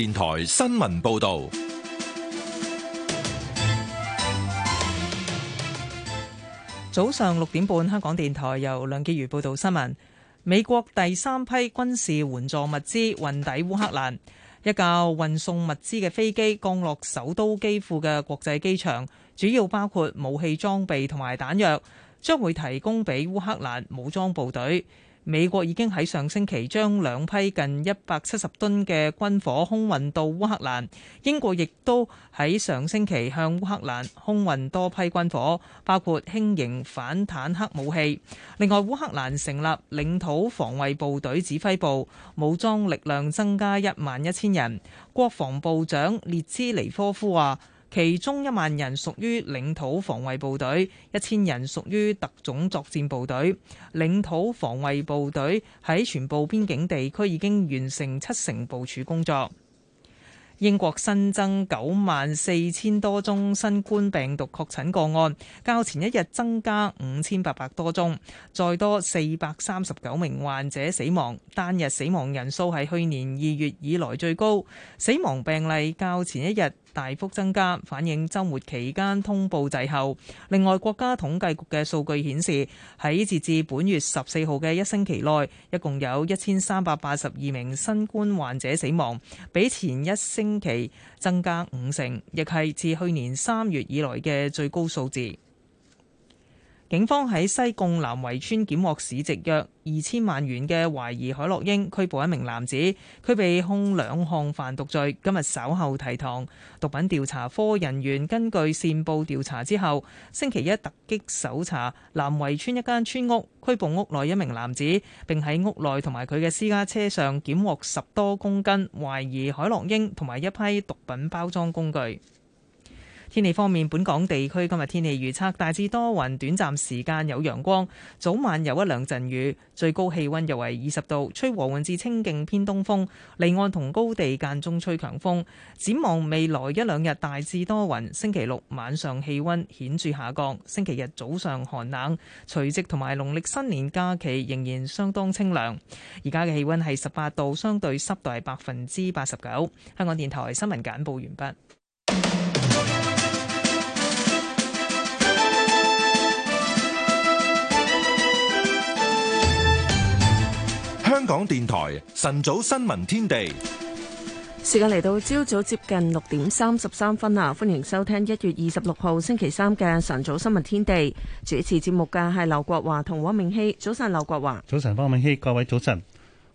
電台新聞報道：早上六點半，香港電台由梁潔如報道新聞。美國第三批軍事援助物資運抵烏克蘭，一架運送物資嘅飛機降落首都基輔嘅國際機場，主要包括武器裝備同埋彈藥，將會提供俾烏克蘭武裝部隊。美國已經喺上星期將兩批近一百七十噸嘅軍火空運到烏克蘭，英國亦都喺上星期向烏克蘭空運多批軍火，包括輕型反坦克武器。另外，烏克蘭成立領土防衛部隊指揮部，武裝力量增加一萬一千人。國防部長列茲尼科夫話：其中一萬人屬於領土防衛部隊，一千人屬於特種作戰部隊。領土防衛部隊喺全部邊境地區已經完成七成部署工作。英國新增九萬四千多宗新冠病毒確診個案，較前一日增加五千八百多宗，再多四百三十九名患者死亡，單日死亡人數係去年二月以來最高，死亡病例較前一日大幅增加，反映周末期間通報滯後，另外，國家統計局嘅數據顯示，喺截至本月十四號嘅一星期內，一共有一千三百八十二名新冠患者死亡，比前一星期增加五成，亦係自去年三月以來嘅最高數字。警方喺西貢南圍村檢獲市值約二千萬元嘅懷疑海洛因，拘捕一名男子，佢被控兩項販毒罪，今日稍後提堂。毒品調查科人員根據線報調查之後，星期一突擊搜查南圍村一間村屋，拘捕屋內一名男子，並喺屋內同埋佢嘅私家車上檢獲十多公斤懷疑海洛因同埋一批毒品包裝工具。天氣方面，本港地區今日天氣預測大致多雲，短暫時間有陽光，早晚有一兩陣雨，最高氣溫又為二十度，吹和緩至清勁偏東風，離岸同高地間中吹強風。展望未來一兩日大致多雲，星期六晚上氣溫顯著下降，星期日早上寒冷，除夕同埋農曆新年假期仍然相當清涼。而家嘅氣溫係十八度，相對濕度係百分之八十九。香港電台新聞簡報完畢。香港電台晨早新聞天地，時間嚟到朝早接近六點三十三分啦，歡迎收聽一月二十六號星期三嘅晨早新聞天地。主持節目嘅係劉國華同汪明熙。早晨，劉國華，早晨，汪明熙，各位早晨。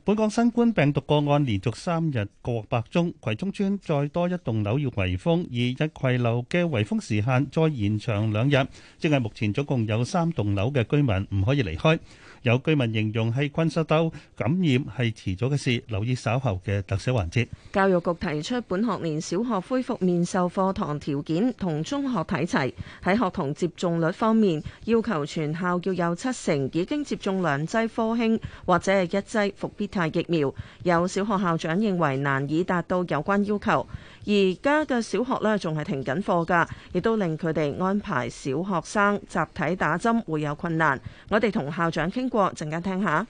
本港新冠病毒個案連續三日過百宗，葵涌村再多一棟樓要圍封，逸葵樓嘅圍封時限再延長兩日，即係目前總共有三棟樓嘅居民唔可以離開。有居民形容喺昆士敦感染係遲早嘅事，留意稍後嘅特寫環節。教育局提出本學年小學恢復面授課堂條件同中學睇齊，喺學童接種率方面要求全校要有七成已經接種兩劑科興或者係一劑復必泰疫苗。有小學校長認為難以達到有關要求。而家嘅小學咧，仲係停緊課噶，亦都令佢哋安排小學生集體打針會有困難，我哋同校長傾過，陣間聽下。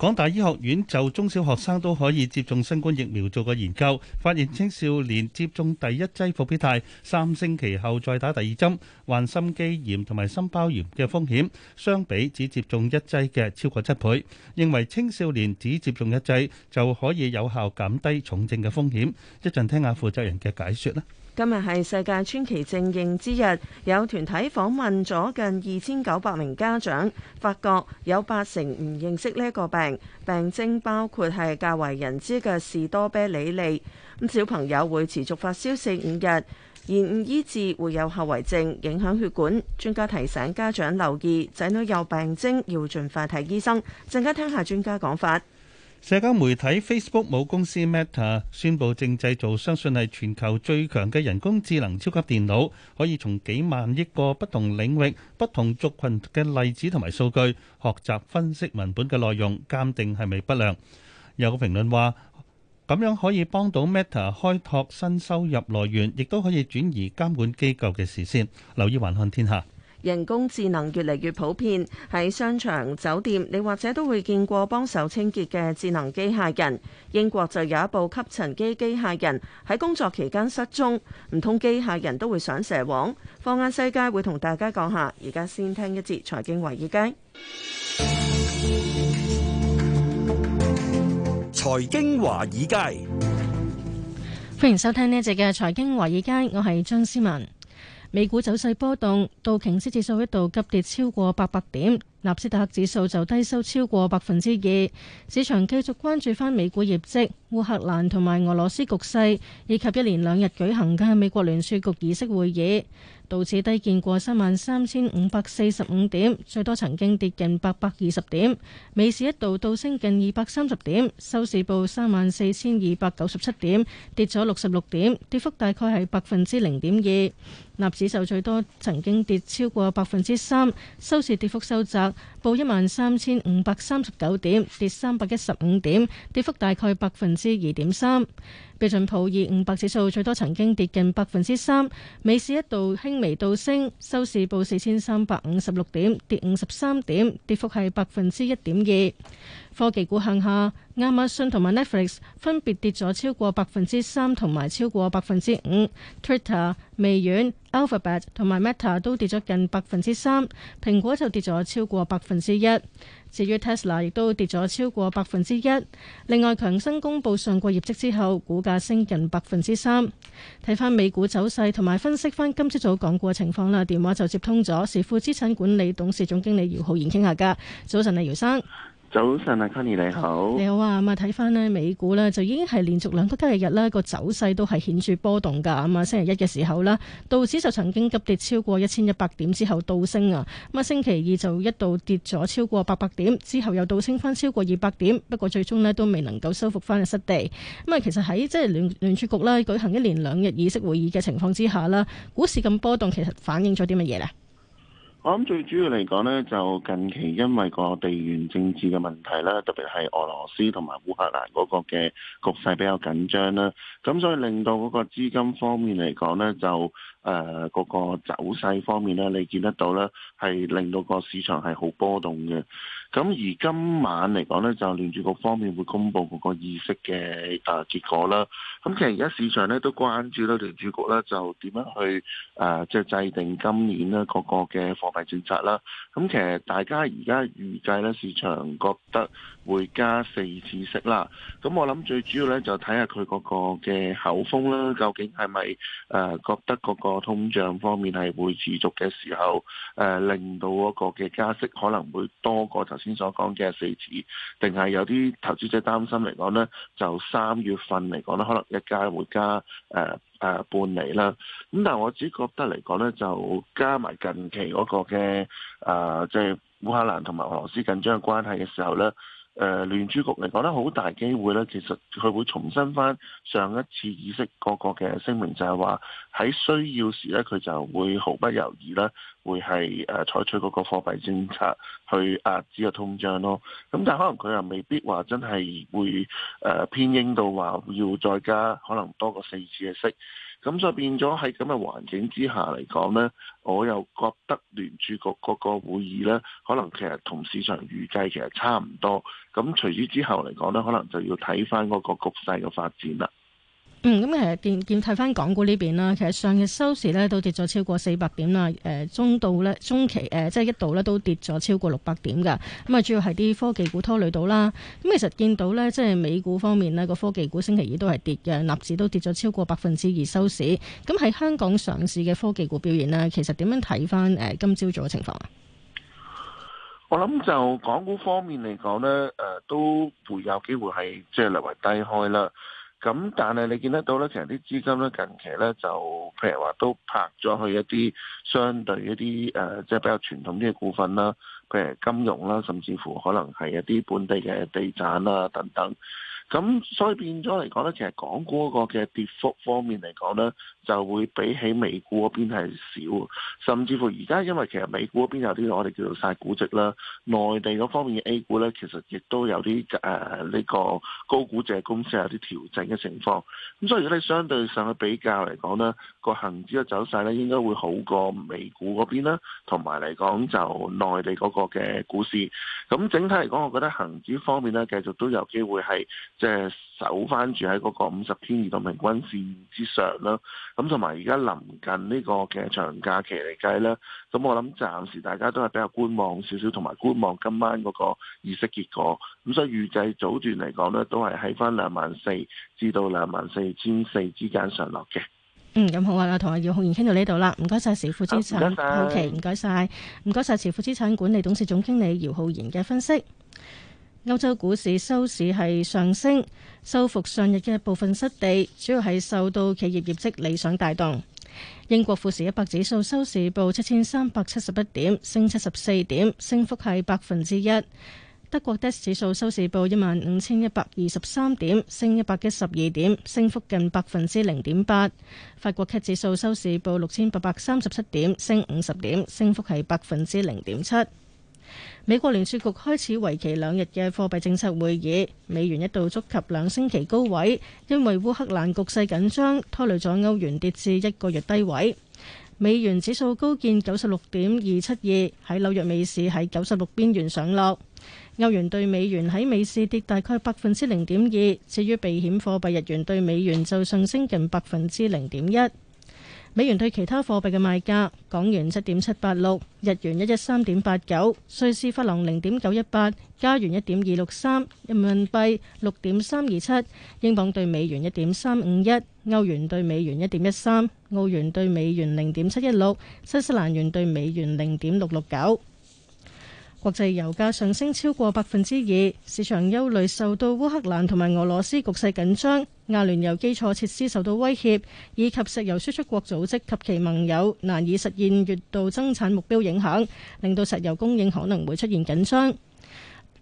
港大醫學院就中小學生都可以接種新冠疫苗做個研究，發現青少年接種第一劑復必泰，三星期後再打第二針，患心肌炎同埋心包炎嘅風險，相比只接種一劑嘅超過七倍。認為青少年只接種一劑就可以有效減低重症嘅風險。一陣聽下負責人嘅解說啦。今日係世界川崎症認之日，有團體訪問咗近二千九百名家長，發覺有八成唔認識呢個病，病徵包括係較為人知嘅士多啤梨脷。咁小朋友會持續發燒四五日，延誤醫治會有後遺症影響血管。專家提醒家長留意仔女有病徵要盡快睇醫生。陣間聽下專家講法。社交媒體 Facebook 母公司 Meta 宣佈正製造，相信係全球最強嘅人工智能超級電腦，可以從幾萬億個不同領域、不同族羣嘅例子同埋數據學習分析文本嘅內容，鑑定係咪不良。有個評論話咁樣可以幫到 Meta 開拓新收入來源，亦都可以轉移監管機構嘅視線。留意環看天下。人工智能越嚟越普遍，喺商場、酒店，你或者都會見過幫手清潔嘅智能機械人。英國就有一部吸塵機機械人喺工作期間失蹤，唔通機械人都會想蛇王？放眼世界，會同大家講下。而家先聽一節財經華爾街。財經華爾街，歡迎收聽呢一節嘅財經華爾街，爾街我係張思文。美股走勢波動，道瓊斯指數一度急跌超過八百點，納斯達克指數就低收超過百分之二。市場繼續關注返美股業績、烏克蘭同埋俄羅斯局勢，以及一連兩日舉行嘅美國聯儲局議息會議。道指低見過三萬三千五百四十五點，最多曾經跌近八百二十點。美市一度倒升近二百三十點，收市報三萬四千二百九十七點，跌咗六十六點，跌幅大概係百分之零點二。納指就最多曾經跌超過百分之三，收市跌幅收窄。報一萬三千五百三十九點，跌三百一十五點，跌幅大概百分之二點三。標準普爾五百指數最多曾經跌近百分之三，美市一度輕微倒升，收市報四千三百五十六點，跌五十三點，跌幅係百分之一點二。科技股向下，亞馬遜同埋 Netflix 分別跌咗超過百分之三同埋超過百分之五。Twitter 微、微軟、Alphabet 同埋 Meta 都跌咗近百分之三，蘋果就跌咗超過百分之一。至於 Tesla 亦都跌咗超過百分之一。另外，強生公布上季業績之後，股價升近百分之三。睇翻美股走勢同埋分析翻今朝早港股嘅情況啦。電話就接通咗，時富資產管理董事總經理姚浩然傾下噶。早晨，係姚生。早晨啊 Connie 你好，好。你好啊，咁啊睇翻呢美股呢，就已經係連續兩個交易日咧，個走勢都係顯著波動噶。咁、嗯、啊，星期一嘅時候咧，道指就曾經急跌超過一千一百點之後倒升啊。咁、嗯、啊，星期二就一度跌咗超過八百點，之後又倒升翻超過二百點。不過最終呢都未能夠收復翻嘅失地。咁、嗯、啊，其實喺即係聯聯儲局咧舉行一連兩日議息會議嘅情況之下啦，股市咁波動，其實反映咗啲乜嘢呢？我諗最主要嚟講呢，就近期因為個地緣政治嘅問題啦，特別係俄羅斯同埋烏克蘭嗰個嘅局勢比較緊張啦，咁所以令到嗰個資金方面嚟講呢，就誒嗰、呃嗰個走勢方面呢，你見得到咧，係令到個市場係好波動嘅。咁而今晚嚟講呢，就聯儲局方面會公布嗰個意識嘅誒結果啦。咁、嗯、其實而家市場咧都關注到聯儲局咧就點樣去誒即係制定今年咧各個嘅貨幣政策啦。咁、嗯、其實大家而家預計咧，市場覺得會加四次息啦。咁、嗯、我諗最主要咧就睇下佢嗰個嘅口風啦，究竟係咪誒覺得嗰個通脹方面係會持續嘅時候誒、呃、令到嗰個嘅加息可能會多過就。先所講嘅四次，定係有啲投資者擔心嚟講呢？就三月份嚟講咧，可能一加會加誒誒、呃呃、半釐啦。咁但係我只覺得嚟講呢，就加埋近期嗰個嘅誒，即係烏克蘭同埋俄羅斯緊張嘅關係嘅時候呢。誒聯儲局嚟講咧，好大機會咧，其實佢會重申翻上一次議息嗰個嘅聲明，就係話喺需要時咧，佢就會毫不猶豫咧，會係誒、呃、採取嗰個貨幣政策去壓止個通脹咯。咁、嗯、但係可能佢又未必話真係會誒、呃、偏鷹到話要再加可能多過四次嘅息。咁就變咗喺咁嘅環境之下嚟講呢，我又覺得聯儲局個個會議呢，可能其實同市場預計其實差唔多。咁隨之之後嚟講呢，可能就要睇翻嗰個局勢嘅發展啦。嗯，咁其實見見睇翻港股呢邊啦，其實上日收市咧都跌咗超過四百點啦，誒、呃，中度咧中期誒、呃，即係一度咧都跌咗超過六百點嘅，咁啊，主要係啲科技股拖累到啦。咁、嗯、其實見到咧，即係美股方面呢個科技股星期二都係跌嘅，納指都跌咗超過百分之二收市。咁、嗯、喺香港上市嘅科技股表現呢，其實點樣睇翻誒今朝早嘅情況啊？我諗就港股方面嚟講呢，誒、呃，都會有機會係即係略為低開啦。咁但係你見得到咧，其實啲資金咧近期咧就，譬如話都拍咗去一啲相對一啲誒，即係比較傳統啲嘅股份啦，譬如金融啦，甚至乎可能係一啲本地嘅地產啦等等。咁所以變咗嚟講咧，其實港股嗰個嘅跌幅方面嚟講咧，就會比起美股嗰邊係少，甚至乎而家因為其實美股嗰邊有啲我哋叫做晒估值啦，內地嗰方面嘅 A 股咧，其實亦都有啲誒呢個高估值嘅公司有啲調整嘅情況。咁所以如果你相對上去比較嚟講咧，個恒指嘅走勢咧，應該會好過美股嗰邊啦，同埋嚟講就內地嗰個嘅股市。咁整體嚟講，我覺得恒指方面咧，繼續都有機會係。即係守翻住喺嗰個五十天移動平均線之上啦，咁同埋而家臨近呢、這個嘅長假期嚟計咧，咁、嗯、我諗暫時大家都係比較觀望少少，同埋觀望今晚嗰個議息結果。咁、嗯、所以預計早段嚟講呢，都係喺翻兩萬四至到兩萬四千四之間上落嘅。嗯，咁好啦，同埋姚浩然傾到呢度啦，唔該晒，時富資產，唔該唔該晒，唔該晒時富資產管理董事總經理姚浩然嘅分析。歐洲股市收市係上升，收復上日嘅部分失地，主要係受到企業業績理想帶動。英國富時一百指數收市報七千三百七十一點，升七十四點，升幅係百分之一。德國 DAX 指數收市報一萬五千一百二十三點，升一百一十二點，升幅近百分之零點八。法國 CAC 指數收市報六千八百三十七點，升五十點，升幅係百分之零點七。美國聯儲局開始為期兩日嘅貨幣政策會議，美元一度觸及兩星期高位，因為烏克蘭局勢緊張，拖累咗歐元跌至一個月低位。美元指數高見九十六點二七二，喺紐約美市喺九十六邊緣上落。歐元對美元喺美市跌大概百分之零點二，至於避險貨幣日元對美元就上升近百分之零點一。美元對其他貨幣嘅賣價：港元七點七八六，日元一一三點八九，瑞士法郎零點九一八，加元一點二六三，人民幣六點三二七，英鎊對美元一點三五一，歐元對美元一點一三，澳元對美元零點七一六，新西蘭元對美元零點六六九。國際油價上升超過百分之二，市場憂慮受到烏克蘭同埋俄羅斯局勢緊張、亞聯油基礎設施受到威脅，以及石油輸出國組織及其盟友難以實現月度增產目標影響，令到石油供應可能會出現緊張。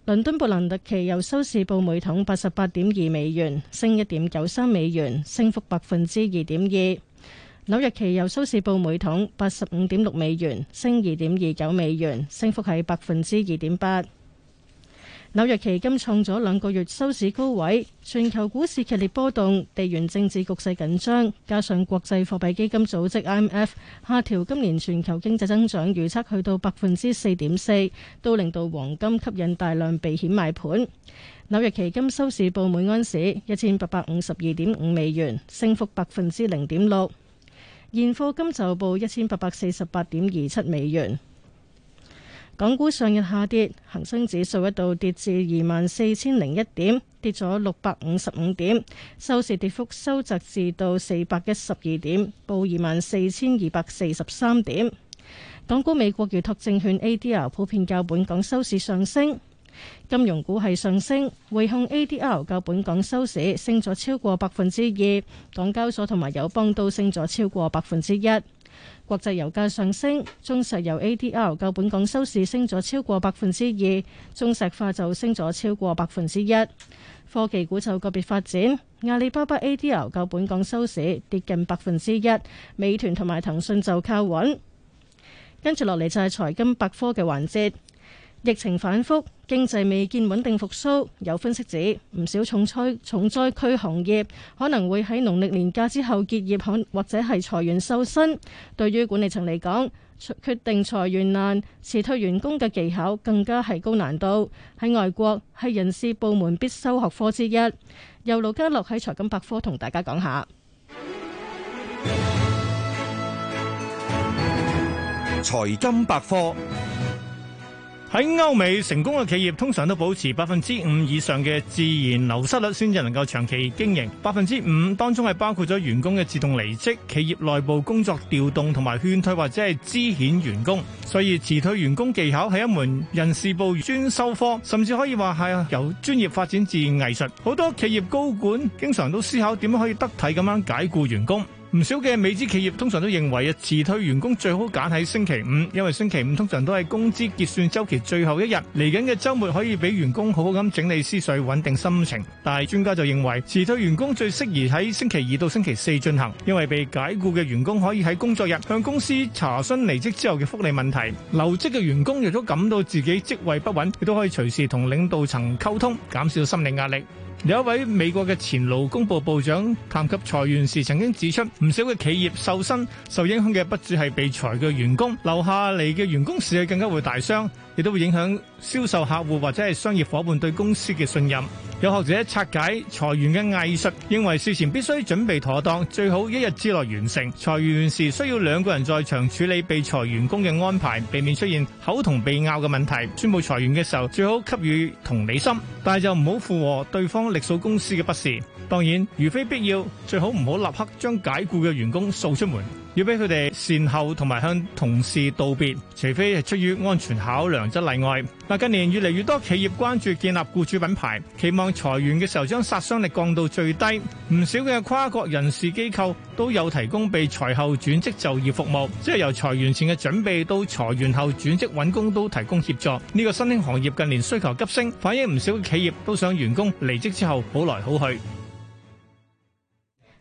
倫敦布蘭特期油收市報每桶八十八點二美元，升一點九三美元，升幅百分之二點二。紐約期油收市報每桶八十五點六美元，升二點二九美元，升幅係百分之二點八。紐約期金創咗兩個月收市高位。全球股市劇烈波動，地緣政治局勢緊張，加上國際貨幣基金組織 IMF 下調今年全球經濟增長預測去到百分之四點四，都令到黃金吸引大量避險賣盤。紐約期金收市報每安士一千八百五十二點五美元，升幅百分之零點六。現貨金就報一千八百四十八點二七美元。港股上日下跌，恒生指數一度跌至二萬四千零一點，跌咗六百五十五點，收市跌幅收窄至到四百一十二點，報二萬四千二百四十三點。港股美國預託證券 ADR 普遍較本港收市上升。金融股係上升，匯控 ADR 較本港收市升咗超過百分之二，港交所同埋友邦都升咗超過百分之一。國際油價上升，中石油 ADR 較本港收市升咗超過百分之二，中石化就升咗超過百分之一。科技股就個別發展，阿里巴巴 ADR 較本港收市跌近百分之一，美團同埋騰訊就靠穩。跟住落嚟就係財金百科嘅環節。疫情反復，經濟未見穩定復甦。有分析指，唔少重災重災區行業可能會喺農曆年假之後結業，或者係裁員瘦身。對於管理層嚟講，決定裁員難辭退員工嘅技巧更加係高難度。喺外國係人事部門必修學科之一。由盧家樂喺財金百科同大家講下。財金百科。喺歐美成功嘅企業通常都保持百分之五以上嘅自然流失率，先至能夠長期經營。百分之五當中係包括咗員工嘅自動離職、企業內部工作調動同埋勸退或者係資遣員工。所以辭退員工技巧係一門人事部專修科，甚至可以話係由專業發展至藝術。好多企業高管經常都思考點樣可以得體咁樣解僱員工。唔少嘅美資企業通常都認為啊，辭退員工最好揀喺星期五，因為星期五通常都係工資結算周期最後一日，嚟緊嘅周末可以俾員工好好咁整理思緒，穩定心情。但係專家就認為，辭退員工最適宜喺星期二到星期四進行，因為被解僱嘅員工可以喺工作日向公司查詢離職之後嘅福利問題；留職嘅員工若果感到自己職位不穩，亦都可以隨時同領導層溝通，減少心理壓力。有一位美國嘅前勞工部部長談及裁員時，曾經指出，唔少嘅企業受薪受影響嘅，不止係被裁嘅員工，留下嚟嘅員工士氣更加會大傷。亦都會影響銷售客戶或者係商業伙伴對公司嘅信任。有學者拆解裁員嘅藝術，認為事前必須準備妥當，最好一日之內完成。裁員時，需要兩個人在場處理被裁員工嘅安排，避免出現口同被拗嘅問題。宣布裁員嘅時候，最好給予同理心，但係就唔好附和對方力數公司嘅不是。當然，如非必要，最好唔好立刻將解雇嘅員工掃出門，要俾佢哋善後同埋向同事道別，除非係出於安全考量則例外。嗱，近年越嚟越多企業關注建立雇主品牌，期望裁員嘅時候將殺傷力降到最低。唔少嘅跨國人事機構都有提供被裁後轉職就業服務，即係由裁員前嘅準備到裁員後轉職揾工都提供協助。呢個新興行業近年需求急升，反映唔少企業都想員工離職之後好來好去。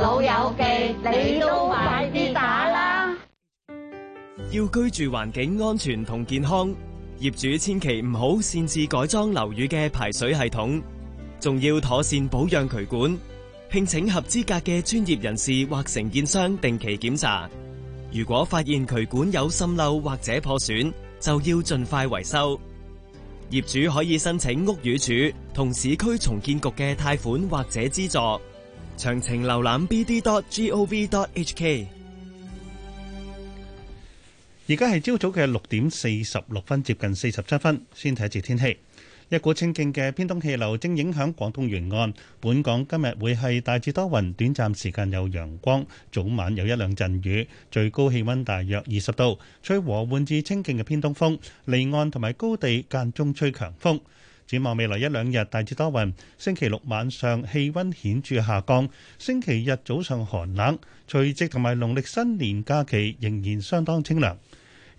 老友記，你都快啲打啦！要居住環境安全同健康，業主千祈唔好擅自改裝樓宇嘅排水系統，仲要妥善保養渠管，聘請合資格嘅專業人士或承建商定期檢查。如果發現渠管有滲漏或者破損，就要盡快維修。業主可以申請屋宇署同市區重建局嘅貸款或者資助。詳情瀏覽 bd.gov.hk。而家係朝早嘅六點四十六分，接近四十七分，先睇下次天氣。一股清勁嘅偏東氣流正影響廣東沿岸，本港今日會係大致多雲，短暫時間有陽光，早晚有一兩陣雨，最高氣温大約二十度，吹和緩至清勁嘅偏東風，離岸同埋高地間中吹強風。展望未來一兩日，大致多雲。星期六晚上氣温顯著下降，星期日早上寒冷，除夕同埋農曆新年假期仍然相當清涼。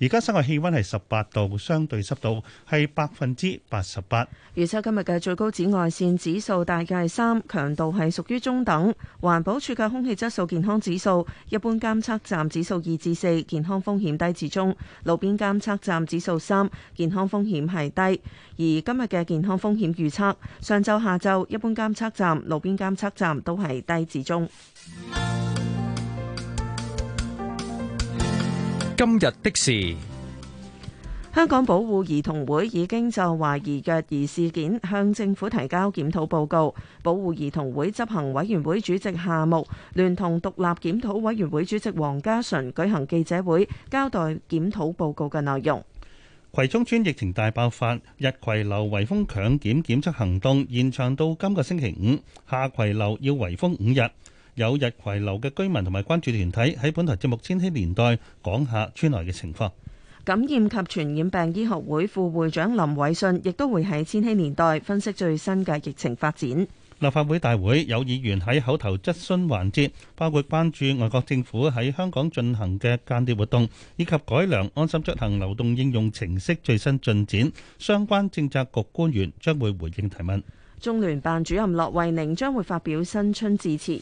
而家室外氣溫係十八度，相對濕度係百分之八十八。預測今日嘅最高紫外線指數大概係三，強度係屬於中等。環保署嘅空氣質素健康指數，一般監測站指數二至四，健康風險低至中；路邊監測站指數三，健康風險係低。而今日嘅健康風險預測，上晝、下晝一般監測站、路邊監測站都係低至中。今日的事，香港保護兒童會已經就懷疑虐兒事件向政府提交檢討報告。保護兒童會執行委員會主席夏木聯同獨立檢討委員會主席黃家順舉行記者會，交代檢討報告嘅內容。葵涌村疫情大爆發，日葵樓圍封強檢檢測行動延長到今個星期五，下葵樓要圍封五日。有日遺留嘅居民同埋關注團體喺本台節目《千禧年代》講下村內嘅情況。感染及傳染病醫學會副會長林偉信亦都會喺《千禧年代》分析最新嘅疫情發展。立法會大會有議員喺口頭質詢環節，包括關注外國政府喺香港進行嘅間諜活動，以及改良安心出行流動應用程式最新進展。相關政策局官員將會回應提問。中聯辦主任駱惠寧將會發表新春致辭。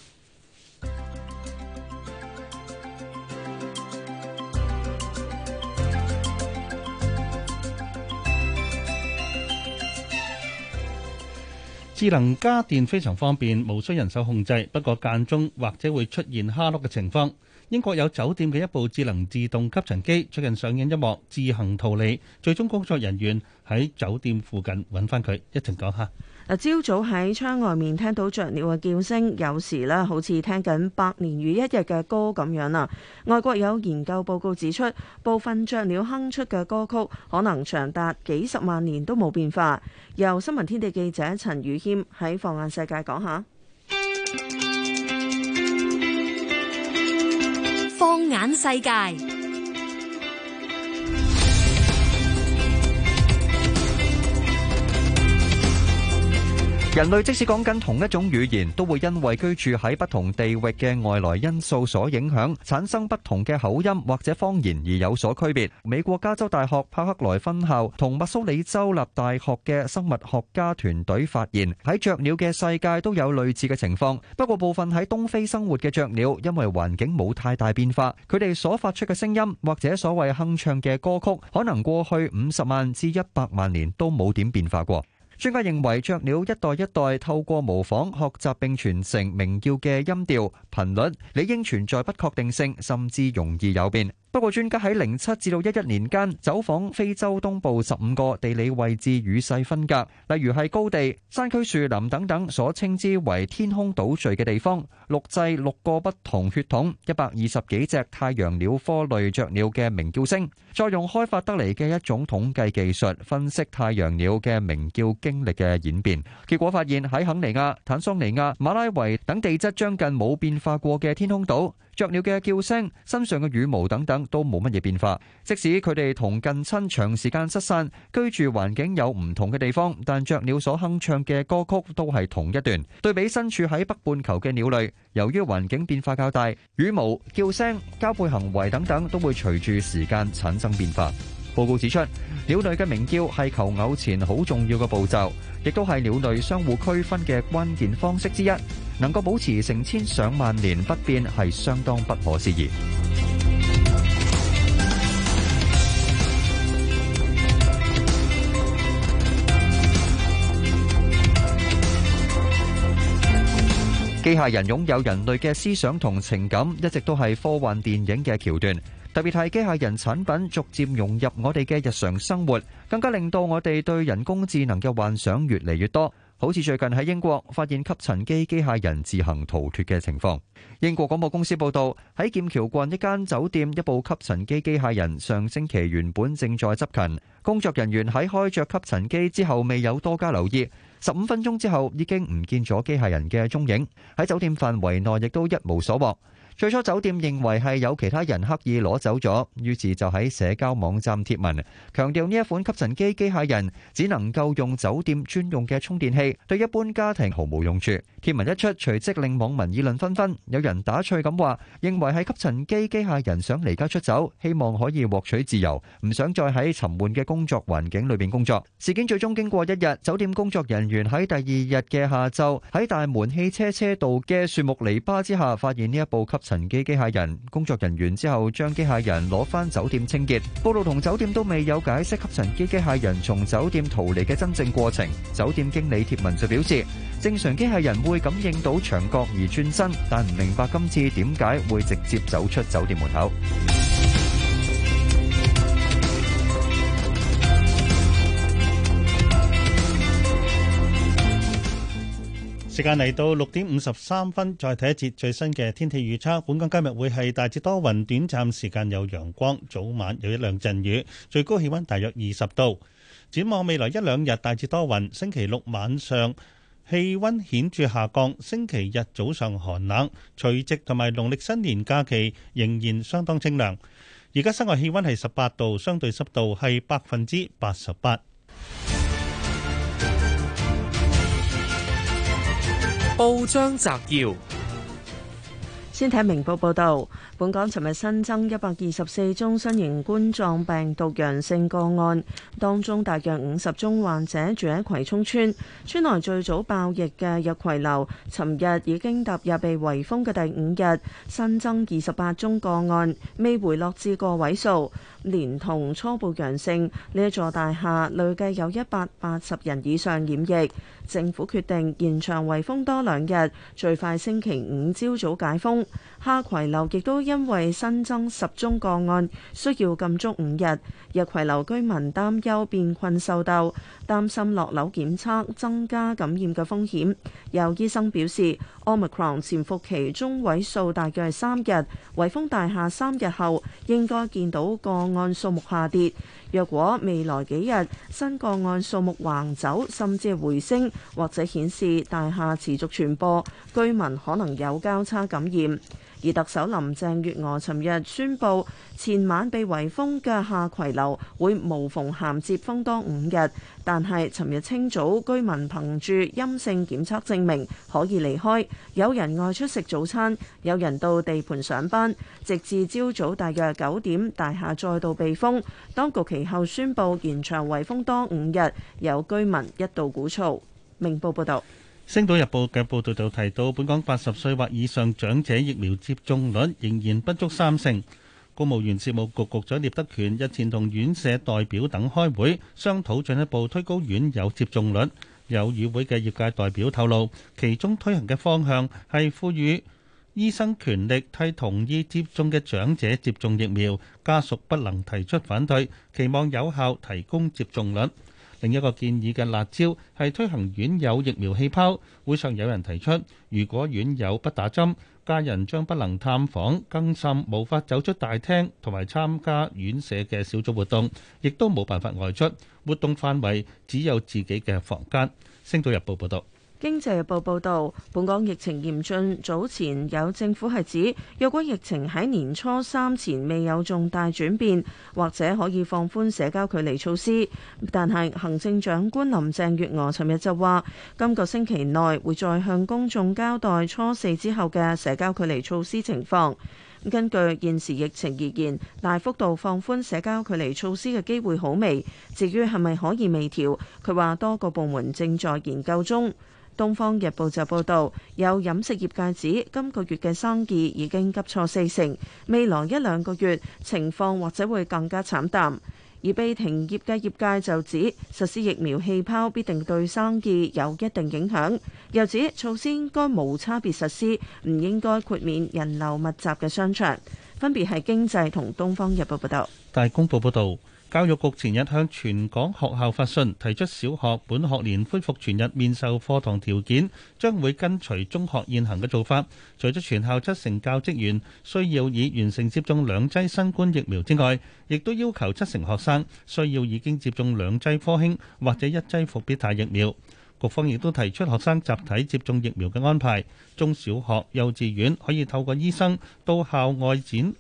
智能家電非常方便，無需人手控制。不過間中或者會出現哈碌嘅情況。英國有酒店嘅一部智能自動吸塵機，最近上映一幕自行逃離，最終工作人員喺酒店附近揾翻佢。一陣講下。嗱，朝早喺窗外面聽到雀鳥嘅叫聲，有時咧好似聽緊百年如一日嘅歌咁樣啦。外國有研究報告指出，部分雀鳥哼出嘅歌曲可能長達幾十萬年都冇變化。由新聞天地記者陳宇謙喺放眼世界講下。放眼世界。人類即使講緊同一種語言，都會因為居住喺不同地域嘅外來因素所影響，產生不同嘅口音或者方言而有所區別。美國加州大學柏克萊分校同密蘇里州立大學嘅生物學家團隊發現，喺雀鳥嘅世界都有類似嘅情況。不過，部分喺東非生活嘅雀鳥，因為環境冇太大變化，佢哋所發出嘅聲音或者所謂哼唱嘅歌曲，可能過去五十萬至一百萬年都冇點變化過。專家認為，雀鳥一代一代透過模仿、學習並傳承鳴叫嘅音調頻率，理應存在不確定性，甚至容易有變。不過，專家喺零七至到一一年間，走訪非洲東部十五個地理位置與世分隔，例如係高地、山區、樹林等等，所稱之為天空島嶼嘅地方，錄製六個不同血統、一百二十幾隻太陽鳥科類雀鳥嘅鳴叫聲，再用開發得嚟嘅一種統計技術分析太陽鳥嘅鳴叫經歷嘅演變，結果發現喺肯尼亞、坦桑尼亞、馬拉維等地質將近冇變化過嘅天空島。雀鳥嘅叫聲、身上嘅羽毛等等都冇乜嘢變化。即使佢哋同近親長時間失散，居住環境有唔同嘅地方，但雀鳥所哼唱嘅歌曲都係同一段。對比身處喺北半球嘅鳥類，由於環境變化較大，羽毛、叫聲、交配行為等等都會隨住時間產生變化。報告指出，鳥類嘅鳴叫係求偶前好重要嘅步驟，亦都係鳥類相互區分嘅關鍵方式之一。能夠保持成千上萬年不變，係相當不可思議。機械人擁有人類嘅思想同情感，一直都係科幻電影嘅橋段。特別係機械人產品逐漸融入我哋嘅日常生活，更加令到我哋對人工智能嘅幻想越嚟越多。好似最近喺英國發現吸塵機機械人自行逃脫嘅情況。英國廣播公司報導，喺劍橋郡一間酒店，一部吸塵機機械人上星期原本正在執勤，工作人員喺開著吸塵機之後未有多加留意，十五分鐘之後已經唔見咗機械人嘅蹤影，喺酒店範圍內亦都一無所獲。最初酒店認為係有其他人刻意攞走咗，於是就喺社交網站貼文，強調呢一款吸塵機機械人只能夠用酒店專用嘅充電器，對一般家庭毫無用處。貼文一出，隨即令網民議論紛紛，有人打趣咁話，認為係吸塵機機械人想離家出走，希望可以獲取自由，唔想再喺沉悶嘅工作環境裏邊工作。事件最終經過一日，酒店工作人員喺第二日嘅下晝，喺大門汽車車道嘅樹木籬笆之下，發現呢一部吸神機機械人工作人員，之後將機械人攞翻酒店清潔，報道同酒店都未有解釋，吸神機機械人從酒店逃離嘅真正過程。酒店經理貼文就表示，正常機械人會感應到牆角而轉身，但唔明白今次點解會直接走出酒店門口。時間嚟到六點五十三分，再睇一節最新嘅天氣預測。本港今日會係大致多雲，短暫時間有陽光，早晚有一兩陣雨，最高氣溫大約二十度。展望未來一兩日大致多雲，星期六晚上氣溫顯著下降，星期日早上寒冷，除夕同埋農曆新年假期仍然相當清涼。而家室外氣溫係十八度，相對濕度係百分之八十八。報章摘要：先睇明報報道，本港尋日新增一百二十四宗新型冠狀病毒陽性個案，當中大約五十宗患者住喺葵涌村，村內最早爆疫嘅逸葵樓，尋日已經踏入被圍封嘅第五日，新增二十八宗個案，未回落至個位數，連同初步陽性呢一座大廈，累計有一百八十人以上染疫。政府決定延長圍封多兩日，最快星期五朝早解封。下葵樓亦都因為新增十宗個案，需要禁足五日。日葵樓居民擔憂變困獸鬥。擔心落樓檢測增加感染嘅風險。有醫生表示，Omicron 潛伏期中位數大概係三日，維峰大廈三日後應該見到個案數目下跌。若果未來幾日新個案數目橫走，甚至回升，或者顯示大廈持續傳播，居民可能有交叉感染。而特首林鄭月娥尋日宣布，前晚被圍封嘅下葵樓會無縫銜接封多五日，但係尋日清早居民憑住陰性檢測證明可以離開，有人外出食早餐，有人到地盤上班，直至朝早大約九點大廈再度被封，當局其後宣布延長圍封多五日，有居民一度鼓噪。明報報道。《星島日報》嘅報導就提到，本港八十歲或以上長者疫苗接種率仍然不足三成。公務員事務局局長聶德權日前同院舍代表等開會，商討進一步推高院友接種率。有與會嘅業界代表透露，其中推行嘅方向係賦予醫生權力替同意接種嘅長者接種疫苗，家屬不能提出反對，期望有效提高接種率。另一個建議嘅辣招係推行院友疫苗氣泡。會上有人提出，如果院友不打針，家人將不能探訪、更甚無法走出大廳，同埋參加院舍嘅小組活動，亦都冇辦法外出。活動範圍只有自己嘅房間。星島日報報道。經濟日報報導，本港疫情嚴峻，早前有政府係指，若果疫情喺年初三前未有重大轉變，或者可以放寬社交距離措施。但係行政長官林鄭月娥尋日就話，今個星期內會再向公眾交代初四之後嘅社交距離措施情況。根據現時疫情而言，大幅度放寬社交距離措施嘅機會好微。至於係咪可以微調，佢話多個部門正在研究中。《東方日報》就報導，有飲食業界指今個月嘅生意已經急挫四成，未來一兩個月情況或者會更加慘淡。而被停業嘅業界就指，實施疫苗氣泡必定對生意有一定影響。又指，措施應該無差別實施，唔應該豁免人流密集嘅商場。分別係《經濟》同《東方日報》報導，《大公報》報導。教育局前日向全港學校發信，提出小學本學年恢復全日面授課堂條件，將會跟隨中學現行嘅做法，除咗全校七成教職員需要已完成接種兩劑新冠疫苗之外，亦都要求七成學生需要已經接種兩劑科興或者一劑復必泰疫苗。局方亦都提出學生集體接種疫苗嘅安排，中小學幼稚園可以透過醫生到校外展，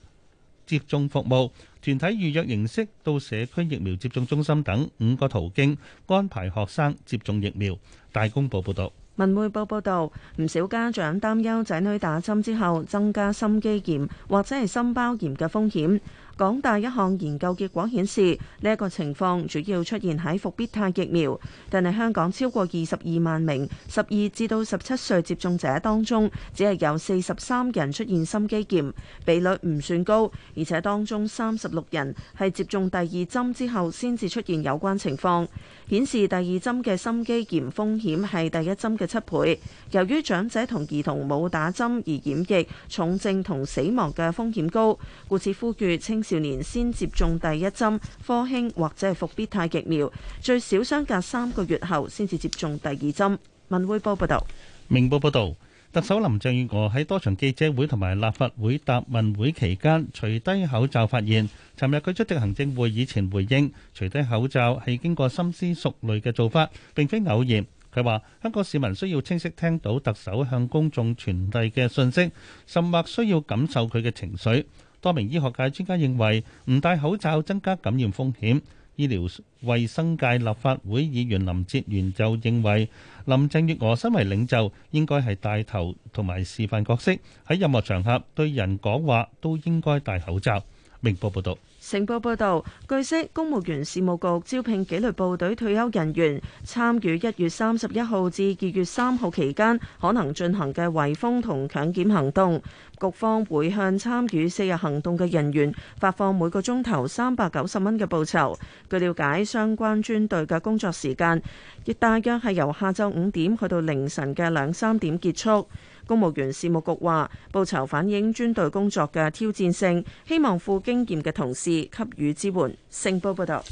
接種服務、團體預約形式到社區疫苗接種中心等五個途徑安排學生接種疫苗，大公報報道，文匯報報道，唔少家長擔憂仔女打針之後增加心肌炎或者係心包炎嘅風險。港大一項研究結果顯示，呢、這、一個情況主要出現喺復必泰疫苗，但係香港超過二十二萬名十二至到十七歲接種者當中，只係有四十三人出現心肌炎，比率唔算高，而且當中三十六人係接種第二針之後先至出現有關情況，顯示第二針嘅心肌炎風險係第一針嘅七倍。由於長者同兒童冇打針而染疫重症同死亡嘅風險高，故此呼籲清。少年先接種第一針科興或者係復必泰疫苗，最少相隔三個月後先至接種第二針。文匯報報道。明報報道，特首林鄭月娥喺多場記者會同埋立法會答問會期間除低口罩，發言。尋日佢出席行政會議前回應，除低口罩係經過深思熟慮嘅做法，並非偶然。佢話：香港市民需要清晰聽到特首向公眾傳遞嘅信息，甚或需要感受佢嘅情緒。多名醫學界專家認為唔戴口罩增加感染風險。醫療衛生界立法會議員林哲玄就認為，林鄭月娥身為領袖，應該係帶頭同埋示範角色，喺任何場合對人講話都應該戴口罩。明報報道。成報報導，據悉，公務員事務局招聘紀律部隊退休人員參與一月三十一號至二月三號期間可能進行嘅圍封同強檢行動。局方會向參與四日行動嘅人員發放每個鐘頭三百九十蚊嘅報酬。據了解，相關專隊嘅工作時間亦大約係由下晝五點去到凌晨嘅兩三點結束。公務員事務局話報酬反映專隊工作嘅挑戰性，希望富經驗嘅同事給予支援。星報報道：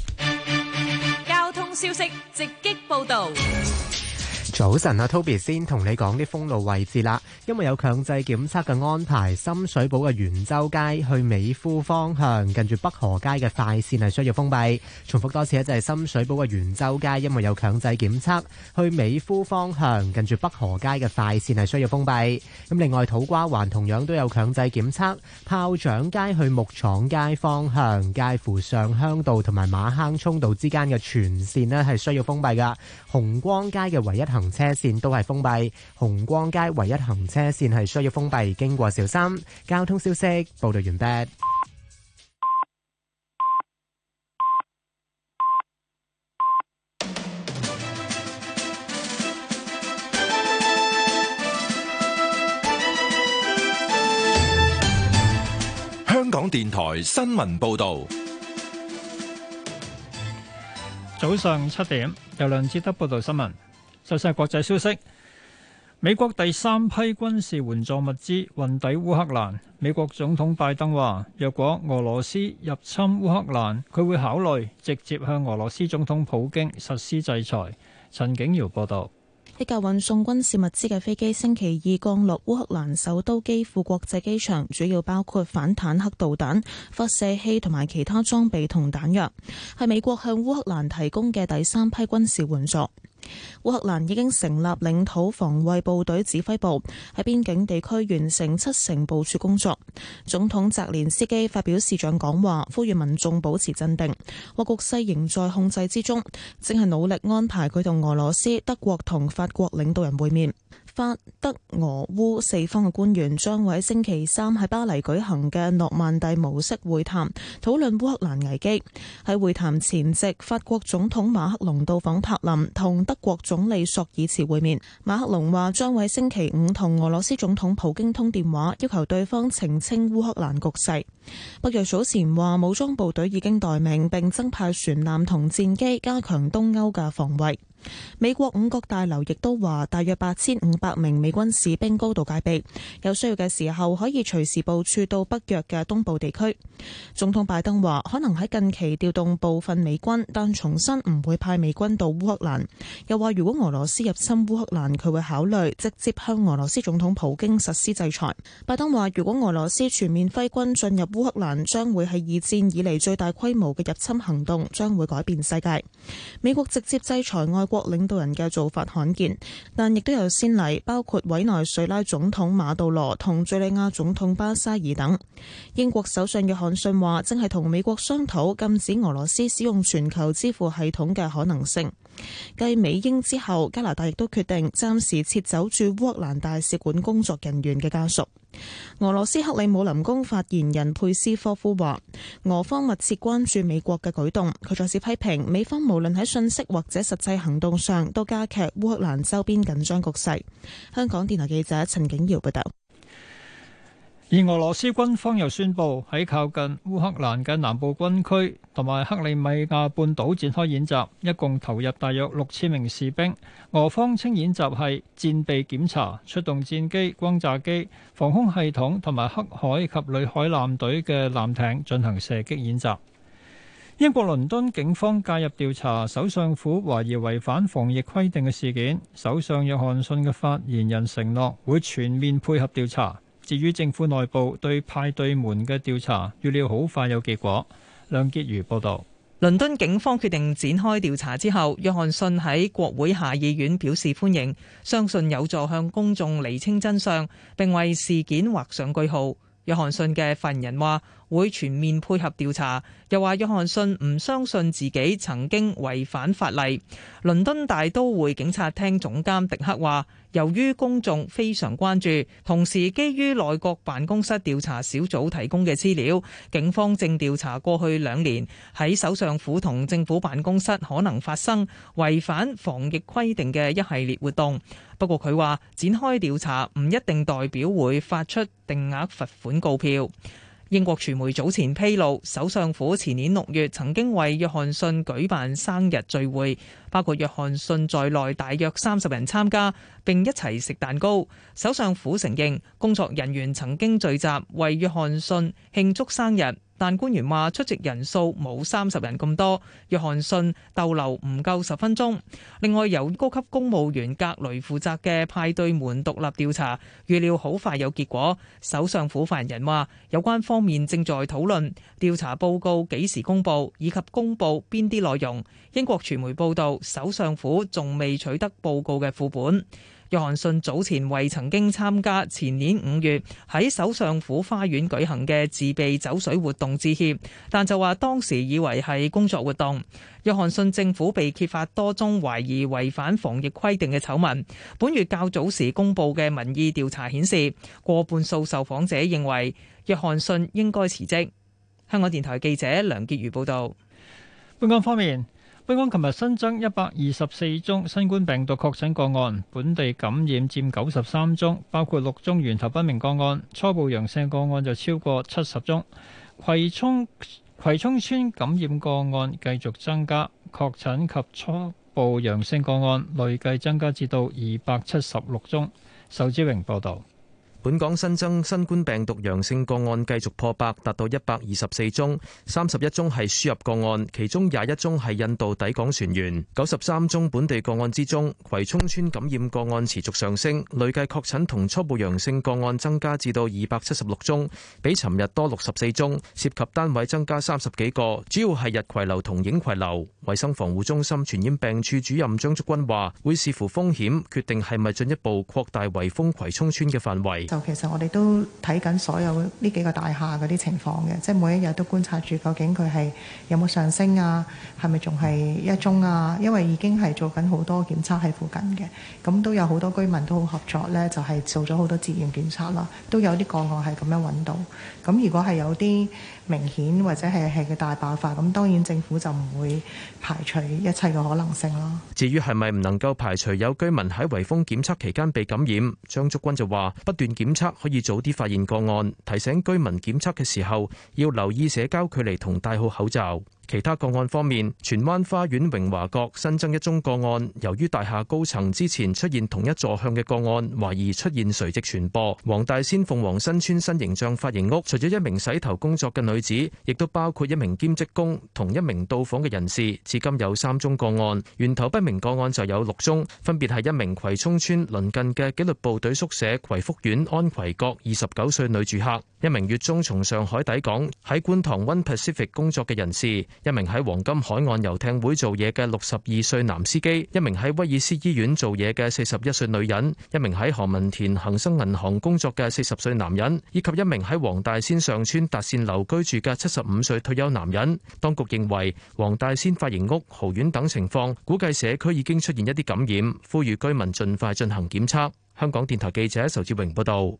交通消息直擊報道。早晨啊，Toby 先同你講啲封路位置啦。因為有強制檢測嘅安排，深水埗嘅元州街去美孚方向，近住北河街嘅快線係需要封閉。重複多次啊，就係、是、深水埗嘅元州街，因為有強制檢測，去美孚方向近住北河街嘅快線係需要封閉。咁另外土瓜灣同樣都有強制檢測，炮仗街去木廠街方向，介乎上鄉道同埋馬坑涌道之間嘅全線咧係需要封閉噶。紅光街嘅唯一行行車線都係封閉，紅光街唯一行車線係需要封閉。經過小心，交通消息報道完畢。香港電台新聞報道，早上七點由梁志德報道新聞。首先係國際消息，美國第三批軍事援助物資運抵烏克蘭。美國總統拜登話，若果俄羅斯入侵烏克蘭，佢會考慮直接向俄羅斯總統普京實施制裁。陳景堯報道，一架運送軍事物資嘅飛機星期二降落烏克蘭首都基輔國際機場，主要包括反坦克導彈、發射器同埋其他裝備同彈藥，係美國向烏克蘭提供嘅第三批軍事援助。烏克蘭已經成立領土防衛部隊指揮部，喺邊境地區完成七成部署工作。總統澤連斯基發表市長講話，呼籲民眾保持鎮定，話局勢仍在控制之中，正係努力安排佢同俄羅斯、德國同法國領導人會面。法德俄烏四方嘅官員將會喺星期三喺巴黎舉行嘅諾曼第模式會談，討論烏克蘭危機。喺會談前夕，法國總統馬克龍到訪柏林，同德國總理索爾茨會面。馬克龍話將會星期五同俄羅斯總統普京通電話，要求對方澄清烏克蘭局勢。北約早前話武裝部隊已經待命，並增派船艦同戰機加強東歐嘅防衛。美國五角大樓亦都話，大約八千五百名美軍士兵高度戒備，有需要嘅時候可以隨時部署到北約嘅東部地區。總統拜登話，可能喺近期調動部分美軍，但重申唔會派美軍到烏克蘭。又話如果俄羅斯入侵烏克蘭，佢會考慮直接向俄羅斯總統普京實施制裁。拜登話，如果俄羅斯全面揮軍進入烏克蘭，將會係二戰以嚟最大規模嘅入侵行動，將會改變世界。美國直接制裁外國國領導人嘅做法罕見，但亦都有先例，包括委內瑞拉總統馬杜羅同敘利亞總統巴沙爾等。英國首相約翰遜話，正係同美國商討禁止俄羅斯使用全球支付系統嘅可能性。繼美英之後，加拿大亦都決定暫時撤走駐烏克蘭大使館工作人員嘅家屬。俄羅斯克里姆林宮發言人佩斯科夫話：俄方密切關注美國嘅舉動，佢再次批評美方無論喺信息或者實際行動上都加劇烏克蘭周邊緊張局勢。香港電台記者陳景堯報道。而俄羅斯軍方又宣布喺靠近烏克蘭嘅南部軍區同埋克里米亞半島展開演習，一共投入大約六千名士兵。俄方稱演習係戰備檢查，出動戰機、轟炸機、防空系統同埋黑海及裏海艦隊嘅艦艇進行射擊演習。英國倫敦警方介入調查首相府懷疑違反防疫規定嘅事件，首相約翰遜嘅發言人承諾會全面配合調查。至於政府內部對派對門嘅調查，預料好快有結果。梁潔如報導，倫敦警方決定展開調查之後，約翰遜喺國會下議院表示歡迎，相信有助向公眾釐清真相，並為事件畫上句號。約翰遜嘅發言人話。會全面配合調查，又話約翰遜唔相信自己曾經違反法例。倫敦大都會警察廳總監迪克話，由於公眾非常關注，同時基於內閣辦公室調查小組提供嘅資料，警方正調查過去兩年喺首相府同政府辦公室可能發生違反防疫規定嘅一系列活動。不過佢話，展開調查唔一定代表會發出定額罰款告票。英國傳媒早前披露，首相府前年六月曾經為約翰遜舉辦生日聚會，包括約翰遜在內大約三十人參加，並一齊食蛋糕。首相府承認，工作人員曾經聚集為約翰遜慶、慶祝生日。但官員話出席人數冇三十人咁多，約翰遜逗留唔夠十分鐘。另外，由高級公務員格雷負責嘅派對門獨立調查預料好快有結果。首相府發言人話有關方面正在討論調查報告幾時公佈，以及公佈邊啲內容。英國傳媒報道，首相府仲未取得報告嘅副本。約翰遜早前為曾經參加前年五月喺首相府花園舉行嘅自備酒水活動致歉，但就話當時以為係工作活動。約翰遜政府被揭發多宗懷疑違反防疫規定嘅醜聞。本月較早時公布嘅民意調查顯示，過半數受訪者認為約翰遜應該辭職。香港電台記者梁潔如報道。本港方面，本港琴日新增一百二十四宗新冠病毒確診個案，本地感染佔九十三宗，包括六宗源頭不明個案，初步陽性個案就超過七十宗。葵涌葵涌村感染個案繼續增加，確診及初步陽性個案累計增加至到二百七十六宗。仇志榮報道。本港新增新冠病毒陽性個案繼續破百，達到一百二十四宗，三十一宗係輸入個案，其中廿一宗係印度抵港船員，九十三宗本地個案之中，葵涌村感染個案持續上升，累計確診同初步陽性個案增加至到二百七十六宗，比尋日多六十四宗，涉及單位增加三十幾個，主要係日葵樓同影葵樓。衛生防護中心傳染病處主任張竹君話：會視乎風險，決定係咪進一步擴大圍封葵涌村嘅範圍。其實我哋都睇緊所有呢幾個大廈嗰啲情況嘅，即係每一日都觀察住究竟佢係有冇上升啊，係咪仲係一宗啊？因為已經係做緊好多檢測喺附近嘅，咁都有好多居民都好合作呢，就係、是、做咗好多自然檢測啦，都有啲個案係咁樣揾到。咁如果係有啲明顯或者係係嘅大爆發，咁當然政府就唔會排除一切嘅可能性咯。至於係咪唔能夠排除有居民喺圍封檢測期間被感染，張竹君就話：不斷檢測可以早啲發現個案，提醒居民檢測嘅時候要留意社交距離同戴好口罩。其他個案方面，荃灣花園榮華閣新增一宗個案，由於大廈高層之前出現同一座向嘅個案，懷疑出現垂直傳播。黃大仙鳳凰新村新形象髮型屋，除咗一名洗頭工作嘅女子，亦都包括一名兼職工同一名到訪嘅人士，至今有三宗個案，源頭不明個案就有六宗，分別係一名葵涌村鄰近嘅紀律部隊宿舍葵福苑安葵閣二十九歲女住客。一名月中從上海抵港喺觀塘 One Pacific 工作嘅人士，一名喺黃金海岸遊艇會做嘢嘅六十二歲男司機，一名喺威爾斯醫院做嘢嘅四十一歲女人，一名喺何文田恒生銀行工作嘅四十歲男人，以及一名喺黃大仙上邨達善樓居住嘅七十五歲退休男人。當局認為黃大仙髮型屋、豪苑等情況估計社區已經出現一啲感染，呼籲居民盡快進行檢測，香港電台記者仇志榮報道。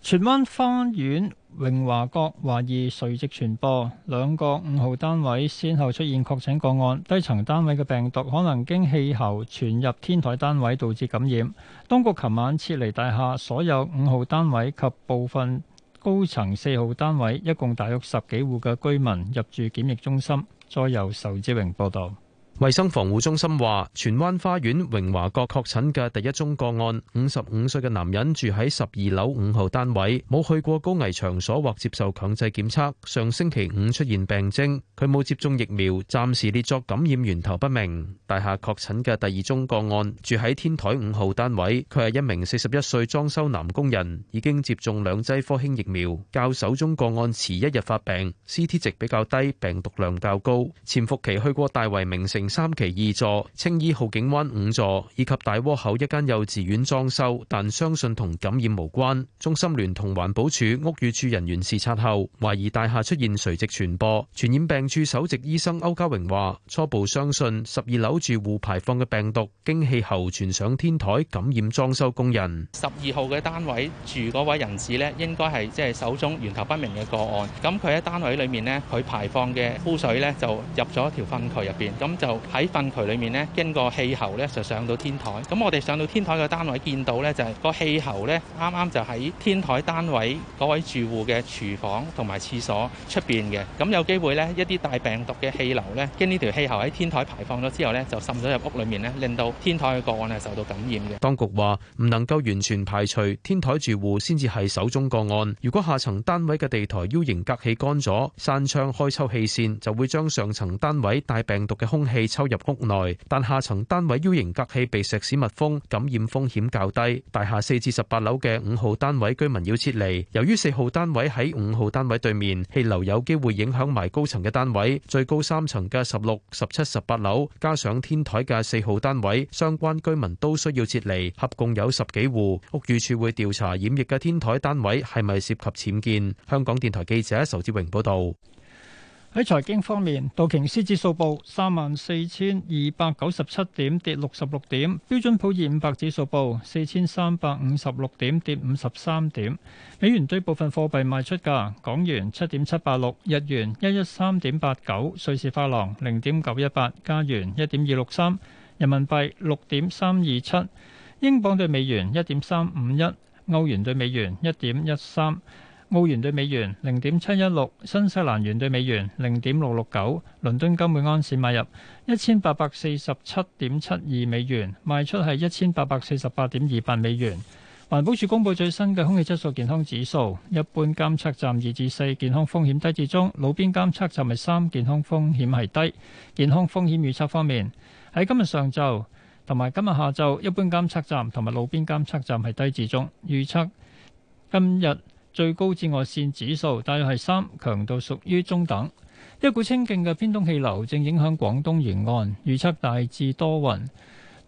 荃灣花園榮華閣懷疑垂直傳播，兩個五號單位先後出現確診個案，低層單位嘅病毒可能經氣喉傳入天台單位，導致感染。當局琴晚撤離大廈所有五號單位及部分高層四號單位，一共大約十幾戶嘅居民入住檢疫中心。再由仇志榮報道。衛生防護中心話，荃灣花園榮華閣確診嘅第一宗個案，五十五歲嘅男人住喺十二樓五號單位，冇去過高危場所或接受強制檢測。上星期五出現病徵，佢冇接種疫苗，暫時列作感染源頭不明。大廈確診嘅第二宗個案住喺天台五號單位，佢係一名四十一歲裝修男工人，已經接種兩劑科興疫苗，較首宗個案遲一日發病，CT 值比較低，病毒量較高。潛伏期去過大圍名城，三期二座，青衣浩景灣五座，喺糞渠裏面咧，經過氣候咧，就上到天台。咁我哋上到天台嘅單位見到呢就係、是、個氣候咧，啱啱就喺天台單位嗰位住戶嘅廚房同埋廁所出邊嘅。咁有機會呢，一啲帶病毒嘅氣流咧，經呢條氣候喺天台排放咗之後呢，就滲咗入屋裏面呢，令到天台嘅個案係受到感染嘅。當局話唔能夠完全排除天台住戶先至係首宗個案。如果下層單位嘅地台 U 型隔氣乾咗，散窗開抽氣扇，就會將上層單位帶病毒嘅空氣。被抽入屋內，但下層單位 U 型隔氣被石屎密封，感染風險較低。大廈四至十八樓嘅五號單位居民要撤離。由於四號單位喺五號單位對面，氣流有機會影響埋高層嘅單位。最高三層嘅十六、十七、十八樓，加上天台嘅四號單位，相關居民都需要撤離，合共有十幾戶。屋宇處會調查染疫嘅天台單位係咪涉及僭建。香港電台記者仇志榮報道。喺財經方面，道瓊斯指數報三萬四千二百九十七點，跌六十六點；標準普爾五百指數報四千三百五十六點，跌五十三點。美元對部分貨幣賣出價：港元七點七八六，日元一一三點八九，瑞士法郎零點九一八，加元一點二六三，人民幣六點三二七，英鎊對美元一點三五一，歐元對美元一點一三。澳元兌美元零點七一六，新西蘭元兌美元零點六六九，倫敦金每安士買入一千八百四十七點七二美元，賣出係一千八百四十八點二八美元。環保署公布最新嘅空氣質素健康指數，一般監測站二至四，健康風險低至中，路邊監測站係三，健康風險係低。健康風險預測方面，喺今日上晝同埋今日下晝，一般監測站同埋路邊監測站係低至中，預測今日。最高紫外線指數大約係三，強度屬於中等。一股清勁嘅偏東氣流正影響廣東沿岸，預測大致多雲，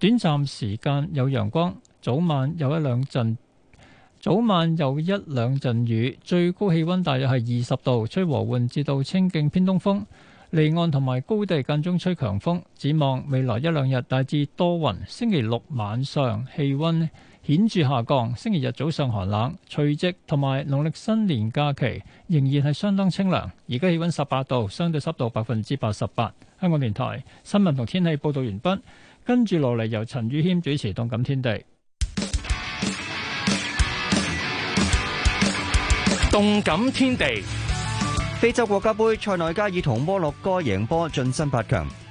短暫時間有陽光，早晚有一兩陣，早晚有一兩陣雨。最高氣温大約係二十度，吹和緩至到清勁偏東風，離岸同埋高地間中吹強風。展望未來一兩日大致多雲，星期六晚上氣温顯著下降。星期日早上寒冷，除夕同埋農曆新年假期仍然係相當清涼。而家氣温十八度，相對濕度百分之八十八。香港電台新聞同天氣報道完畢，跟住落嚟由陳宇謙主持《動感天地》。《動感天地》非洲國家杯塞內加爾同摩洛哥贏波，晉身八強。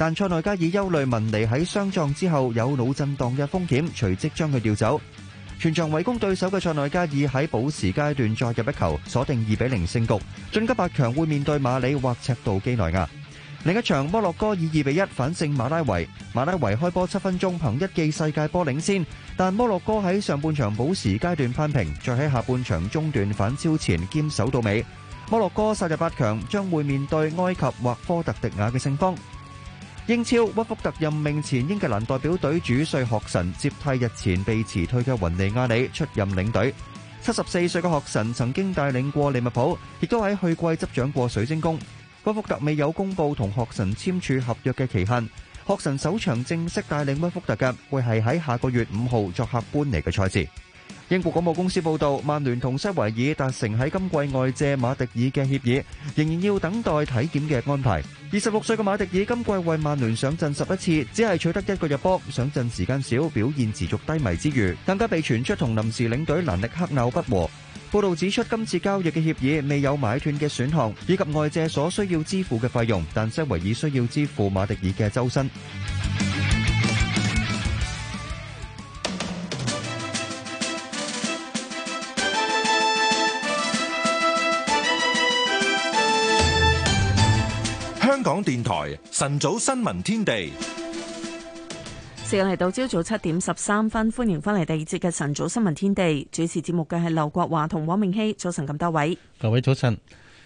但塞內加爾憂慮文尼喺相撞之後有腦震盪嘅風險，隨即將佢調走。全場圍攻對手嘅塞內加爾喺補時階段再入一球，鎖定二比零勝局。晉級八強會面對馬里或赤道幾內亞。另一場摩洛哥以二比一反勝馬拉維。馬拉維開波七分鐘憑一記世界波領先，但摩洛哥喺上半場補時階段扳平，再喺下半場中段反超前，堅守到尾。摩洛哥殺入八強將會面對埃及或科特迪瓦嘅勝方。英超屈福特任命前英格蘭代表隊主帥學臣接替日前被辭退嘅雲尼亞利出任領隊。七十四歲嘅學臣曾經帶領過利物浦，亦都喺去季執掌過水晶宮。屈福特未有公布同學神簽署合約嘅期限。學神首場正式帶領屈福特嘅會係喺下個月五號作客搬尼嘅賽事。英國廣播公司報道，曼聯同西維爾達成喺今季外借馬迪爾嘅協議，仍然要等待體檢嘅安排。二十六歲嘅馬迪爾今季為曼聯上陣十一次，只係取得一個入波，上陣時間少，表現持續低迷之餘，更加被傳出同臨時領隊蘭尼克鬧不和。報道指出，今次交易嘅協議未有買斷嘅選項，以及外借所需要支付嘅費用，但西維爾需要支付馬迪爾嘅周薪。電台晨早新聞天地，時間嚟到，朝早七點十三分，歡迎翻嚟第二節嘅晨早新聞天地。主持節目嘅係劉國華同黃明熙，早晨咁多位，各位早晨。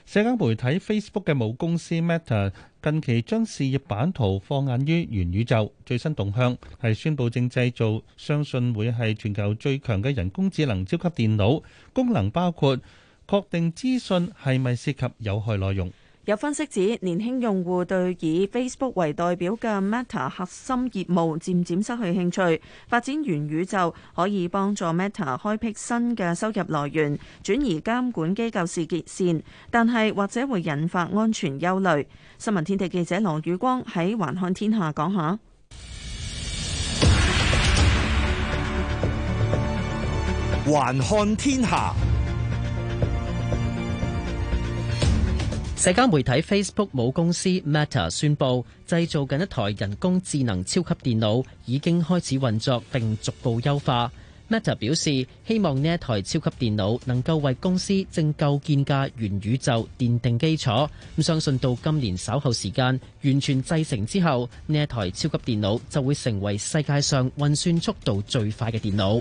社交媒體 Facebook 嘅母公司 Meta 近期將事業版圖放眼於元宇宙，最新動向係宣布正製造，相信會係全球最強嘅人工智能超級電腦，功能包括確定資訊係咪涉及有害內容。有分析指，年輕用戶對以 Facebook 為代表嘅 Meta 核心業務漸漸失去興趣。發展元宇宙可以幫助 Meta 開闢新嘅收入來源，轉移監管機構視線，但係或者會引發安全憂慮。新聞天地記者羅宇光喺《環看天下》講下。環看天下。社交媒體 Facebook 母公司 Meta 宣布，製造緊一台人工智能超級電腦已經開始運作，並逐步優化。Meta 表示，希望呢一台超級電腦能夠為公司正構建嘅元宇宙奠定基礎。咁相信到今年稍後時間完全製成之後，呢一台超級電腦就會成為世界上運算速度最快嘅電腦。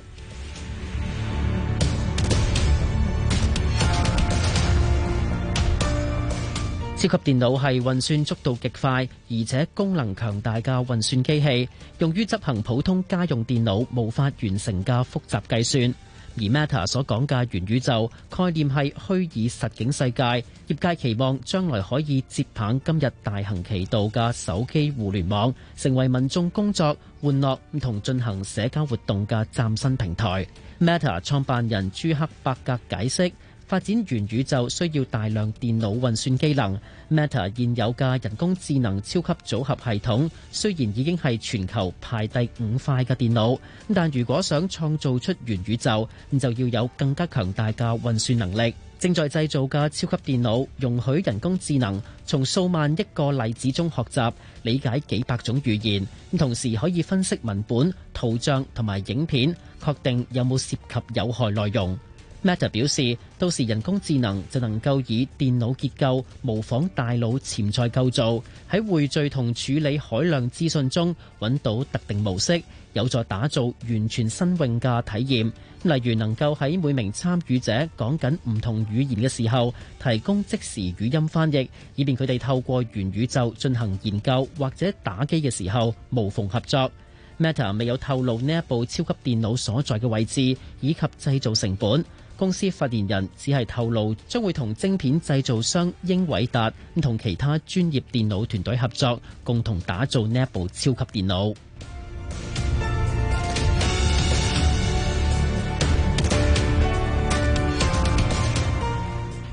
超級電腦係運算速度極快，而且功能強大嘅運算機器，用於執行普通家用電腦無法完成嘅複雜計算。而 Meta 所講嘅元宇宙概念係虛擬實境世界，業界期望將來可以接棒今日大行其道嘅手機互聯網，成為民眾工作、玩樂唔同進行社交活動嘅嶄新平台。Meta 創辦人朱克伯格解釋。發展元宇宙需要大量電腦運算機能。Meta 現有嘅人工智能超級組合系統，雖然已經係全球排第五快嘅電腦，但如果想創造出元宇宙，咁就要有更加強大嘅運算能力。正在製造嘅超級電腦，容許人工智能從數萬億個例子中學習，理解幾百種語言，咁同時可以分析文本、圖像同埋影片，確定有冇涉及有害內容。Meta 表示，到時人工智能就能夠以電腦結構模仿大腦潛在構造，喺匯聚同處理海量資訊中揾到特定模式，有助打造完全新穎嘅體驗。例如能夠喺每名參與者講緊唔同語言嘅時候提供即時語音翻譯，以便佢哋透過元宇宙進行研究或者打機嘅時候無縫合作。Meta 未有透露呢一部超級電腦所在嘅位置以及製造成本。公司發言人只係透露，將會同晶片製造商英偉達同其他專業電腦團隊合作，共同打造呢一部超級電腦。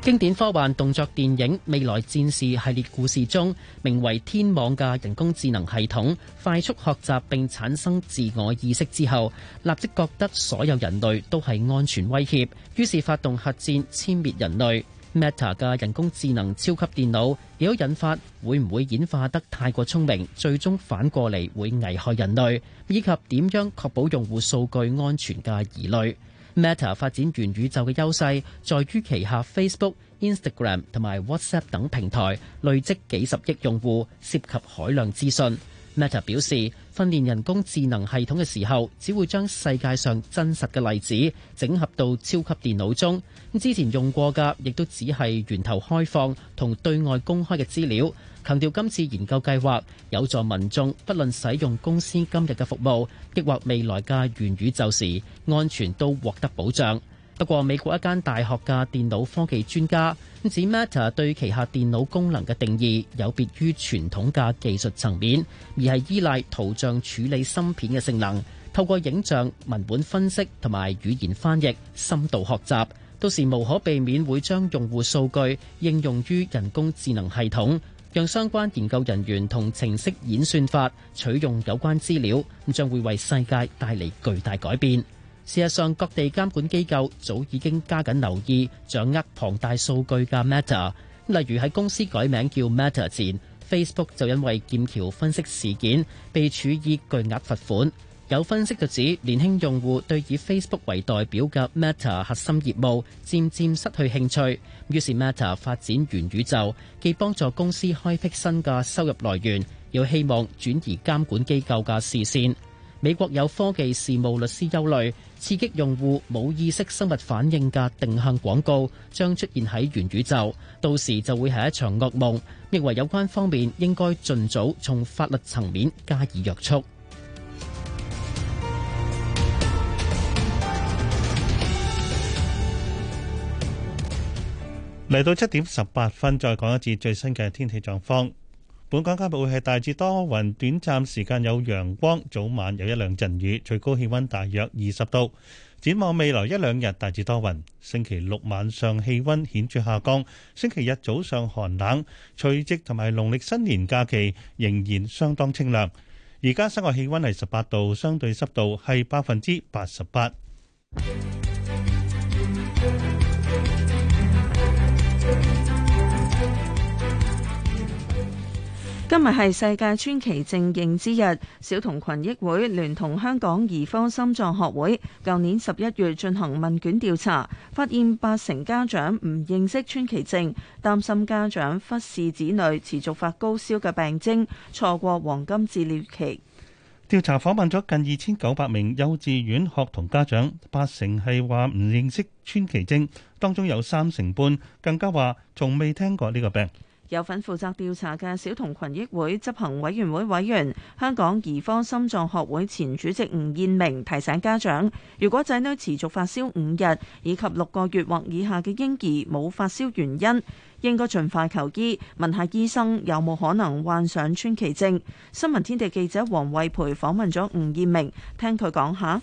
經典科幻動作電影《未來戰士》系列故事中，名為天網嘅人工智能系統快速學習並產生自我意識之後，立即覺得所有人類都係安全威脅，於是發動核戰殲滅人類。Meta 嘅人工智能超級電腦亦都引發會唔會演化得太過聰明，最終反過嚟會危害人類，以及點樣確保用戶數據安全嘅疑慮。Meta 發展元宇宙嘅優勢，在於旗下 Facebook、Instagram 同埋 WhatsApp 等平台累積幾十億用戶，涉及海量資訊。Meta 表示，訓練人工智能系統嘅時候，只會將世界上真實嘅例子整合到超級電腦中。之前用過嘅，亦都只係源頭開放同對外公開嘅資料。強調今次研究計劃有助民眾不論使用公司今日嘅服務，抑或未來嘅元宇宙時，安全都獲得保障。不過，美國一間大學嘅電腦科技專家指，Meta 對旗下電腦功能嘅定義有別於傳統嘅技術層面，而係依賴圖像處理芯片嘅性能。透過影像、文本分析同埋語言翻譯、深度學習，到時無可避免會將用戶數據應用於人工智能系統。讓相關研究人員同程式演算法取用有關資料，咁將會為世界帶嚟巨大改變。事實上，各地監管機構早已經加緊留意、掌握龐大數據嘅 Meta。咁例如喺公司改名叫 Meta 前，Facebook 就因為劍橋分析事件被處以巨額罰款。有分析就指，年輕用戶對以 Facebook 為代表嘅 Meta 核心業務漸漸失去興趣，於是 Meta 發展元宇宙，既幫助公司開闢新嘅收入來源，又希望轉移監管機構嘅視線，美國有科技事務律師憂慮刺激用戶冇意識生物反應嘅定向廣告將出現喺元宇宙，到時就會係一場噩夢，認為有關方面應該盡早從法律層面加以約束。嚟到七點十八分，再講一次最新嘅天氣狀況。本港今日會係大致多雲，短暫時間有陽光，早晚有一兩陣雨，最高氣溫大約二十度。展望未來一兩日大致多雲，星期六晚上氣溫顯著下降，星期日早上寒冷。除夕同埋農曆新年假期仍然相當清涼。而家室外氣溫係十八度，相對濕度係百分之八十八。 今日係世界川崎症認知日，小童群益會聯同香港兒科心臟學會，舊年十一月進行問卷調查，發現八成家長唔認識川崎症，擔心家長忽視子女持續發高燒嘅病徵，錯過黃金治療期。調查訪問咗近二千九百名幼稚園學童家長，八成係話唔認識川崎症，當中有三成半更加話從未聽過呢個病。有份負責調查嘅小童群益會執行委員會委員、香港兒科心臟學會前主席吳燕明提醒家長，如果仔女持續發燒五日，以及六個月或以下嘅嬰兒冇發燒原因，應該盡快求醫，問下醫生有冇可能患上川崎症。新聞天地記者黃慧培訪問咗吳燕明，聽佢講下：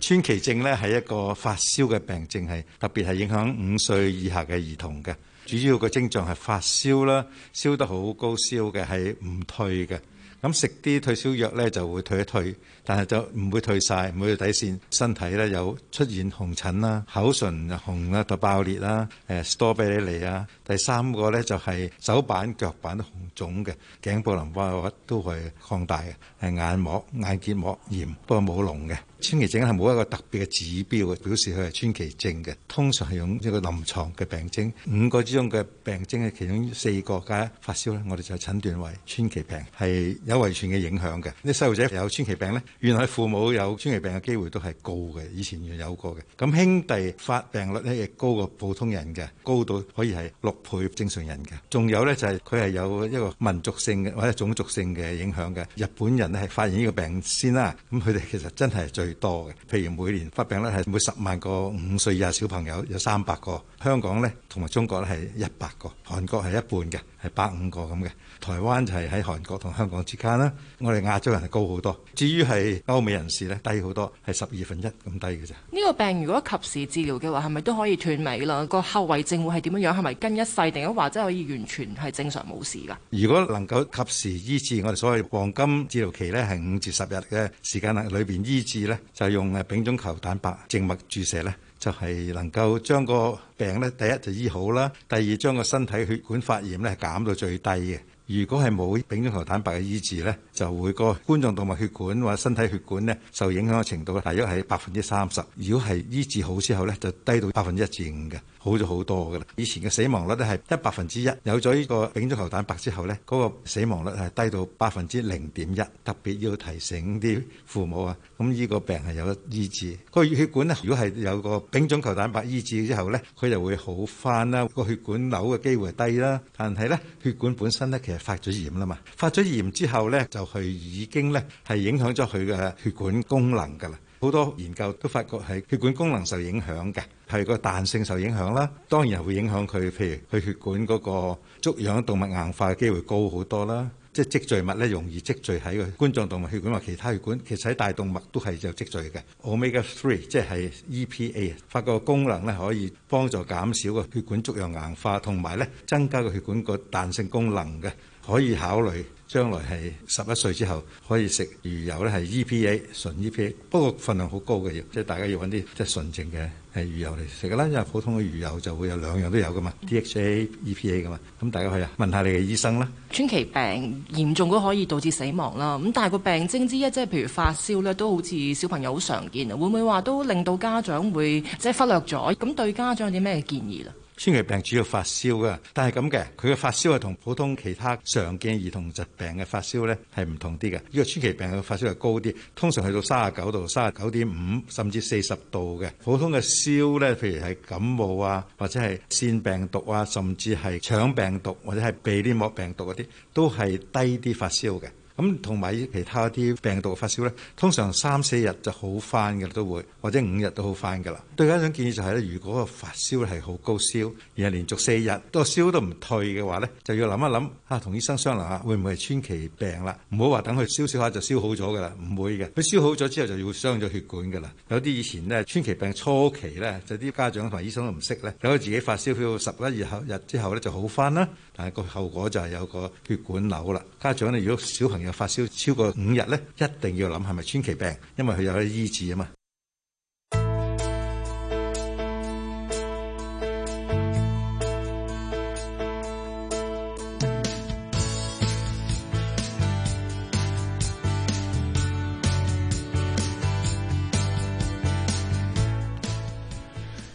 川崎症呢，係一個發燒嘅病症，係特別係影響五歲以下嘅兒童嘅。主要個症狀係發燒啦，燒得好高燒嘅，係唔退嘅，咁食啲退燒藥呢，就會退一退。但係就唔會退晒，唔會去底線。身體咧有出現紅疹啦、口唇紅啦、就爆裂啦、誒、啊、多俾你嚟啊！第三個咧就係、是、手板腳板都紅腫嘅，頸部淋巴核都係擴大嘅，係眼膜、眼結膜炎，不過冇膿嘅。川崎症係冇一個特別嘅指標表示佢係川崎症嘅，通常係用一個臨床嘅病徵，五個之中嘅病徵嘅其中四個加發燒咧，我哋就診斷為川崎病，係有遺傳嘅影響嘅。啲細路仔有川崎病咧。原來父母有川崎病嘅機會都係高嘅，以前有過嘅。咁兄弟發病率咧亦高過普通人嘅，高到可以係六倍正常人嘅。仲有咧就係佢係有一個民族性嘅，或者種族性嘅影響嘅。日本人咧係發現呢個病先啦，咁佢哋其實真係最多嘅。譬如每年發病率係每十萬個五歲以下小朋友有三百個，香港咧同埋中國咧係一百個，韓國係一半嘅。係百五個咁嘅，台灣就係喺韓國同香港之間啦。我哋亞洲人係高好多，至於係歐美人士呢，低好多，係十二分一咁低嘅啫。呢個病如果及時治療嘅話，係咪都可以斷尾啦？個後遺症會係點樣樣？係咪跟一世定咁，或者可以完全係正常冇事㗎？如果能夠及時醫治，我哋所謂黃金治療期呢，係五至十日嘅時間內裏邊醫治呢，就用誒丙種球蛋白靜脈注射呢。就係能夠將個病咧，第一就醫好啦，第二將個身體血管發炎咧減到最低嘅。如果係冇丙種球蛋白嘅醫治咧，就會個冠狀動脈血管或者身體血管咧受影響嘅程度大約係百分之三十。如果係醫治好之後咧，就低到百分之一至五嘅。好咗好多噶啦！以前嘅死亡率咧係一百分之一，有咗呢個丙種球蛋白之後咧，嗰個死亡率係低到百分之零點一。特別要提醒啲父母啊，咁呢個病係有得醫治。個血管咧，如果係有個丙種球蛋白醫治之後咧，佢就會好翻啦。個血管瘤嘅機會係低啦，但係咧血管本身咧其實發咗炎啦嘛，發咗炎之後咧就係已經咧係影響咗佢嘅血管功能㗎啦。好多研究都發覺係血管功能受影響嘅，係個彈性受影響啦。當然又會影響佢，譬如佢血管嗰個粥樣動脈硬化嘅機會高好多啦。即係積聚物咧，容易積聚喺個冠狀動脈血管或者其他血管。其實喺大動脈都係有積聚嘅。Omega three 即係 EPA，發覺功能咧可以幫助減少個血管粥樣硬化，同埋咧增加個血管個彈性功能嘅，可以考慮。將來係十一歲之後可以食魚油咧，係 EPA 純 EPA，不過份量好高嘅，即係大家要揾啲即係純正嘅係魚油嚟食啦。因為普通嘅魚油就會有兩樣都有噶嘛，DHA EPA 噶嘛，咁大家可以呀，問下你嘅醫生啦。川崎病嚴重都可以導致死亡啦，咁但係個病徵之一，即係譬如發燒咧，都好似小朋友好常見啊，會唔會話都令到家長會即係忽略咗？咁對家長有啲咩建議咧？川崎病主要發燒嘅，但係咁嘅，佢嘅發燒係同普通其他常見兒童疾病嘅發燒咧係唔同啲嘅。呢個川崎病嘅發燒係高啲，通常去到三十九度、三十九點五，甚至四十度嘅。普通嘅燒咧，譬如係感冒啊，或者係腺病毒啊，甚至係腸病毒或者係鼻黏膜病毒嗰啲，都係低啲發燒嘅。咁同埋其他啲病毒發燒咧，通常三四日就好翻嘅都會，或者五日都好翻嘅啦。對家長建議就係、是、咧，如果個發燒係好高燒，然後連續四日都燒都唔退嘅話咧，就要諗一諗嚇，同、啊、醫生商量下、啊、會唔會係川崎病啦？唔好話等佢燒少下就燒好咗嘅啦，唔會嘅。佢燒好咗之後就要傷咗血管嘅啦。有啲以前咧川崎病初期咧，就啲家長同埋醫生都唔識咧，等佢自己發燒燒到十一二日，日之後咧就好翻啦，但係個後果就係有個血管瘤啦。家長咧如果小朋友，發燒超過五日咧，一定要諗係咪川崎病，因為佢有醫治嘛。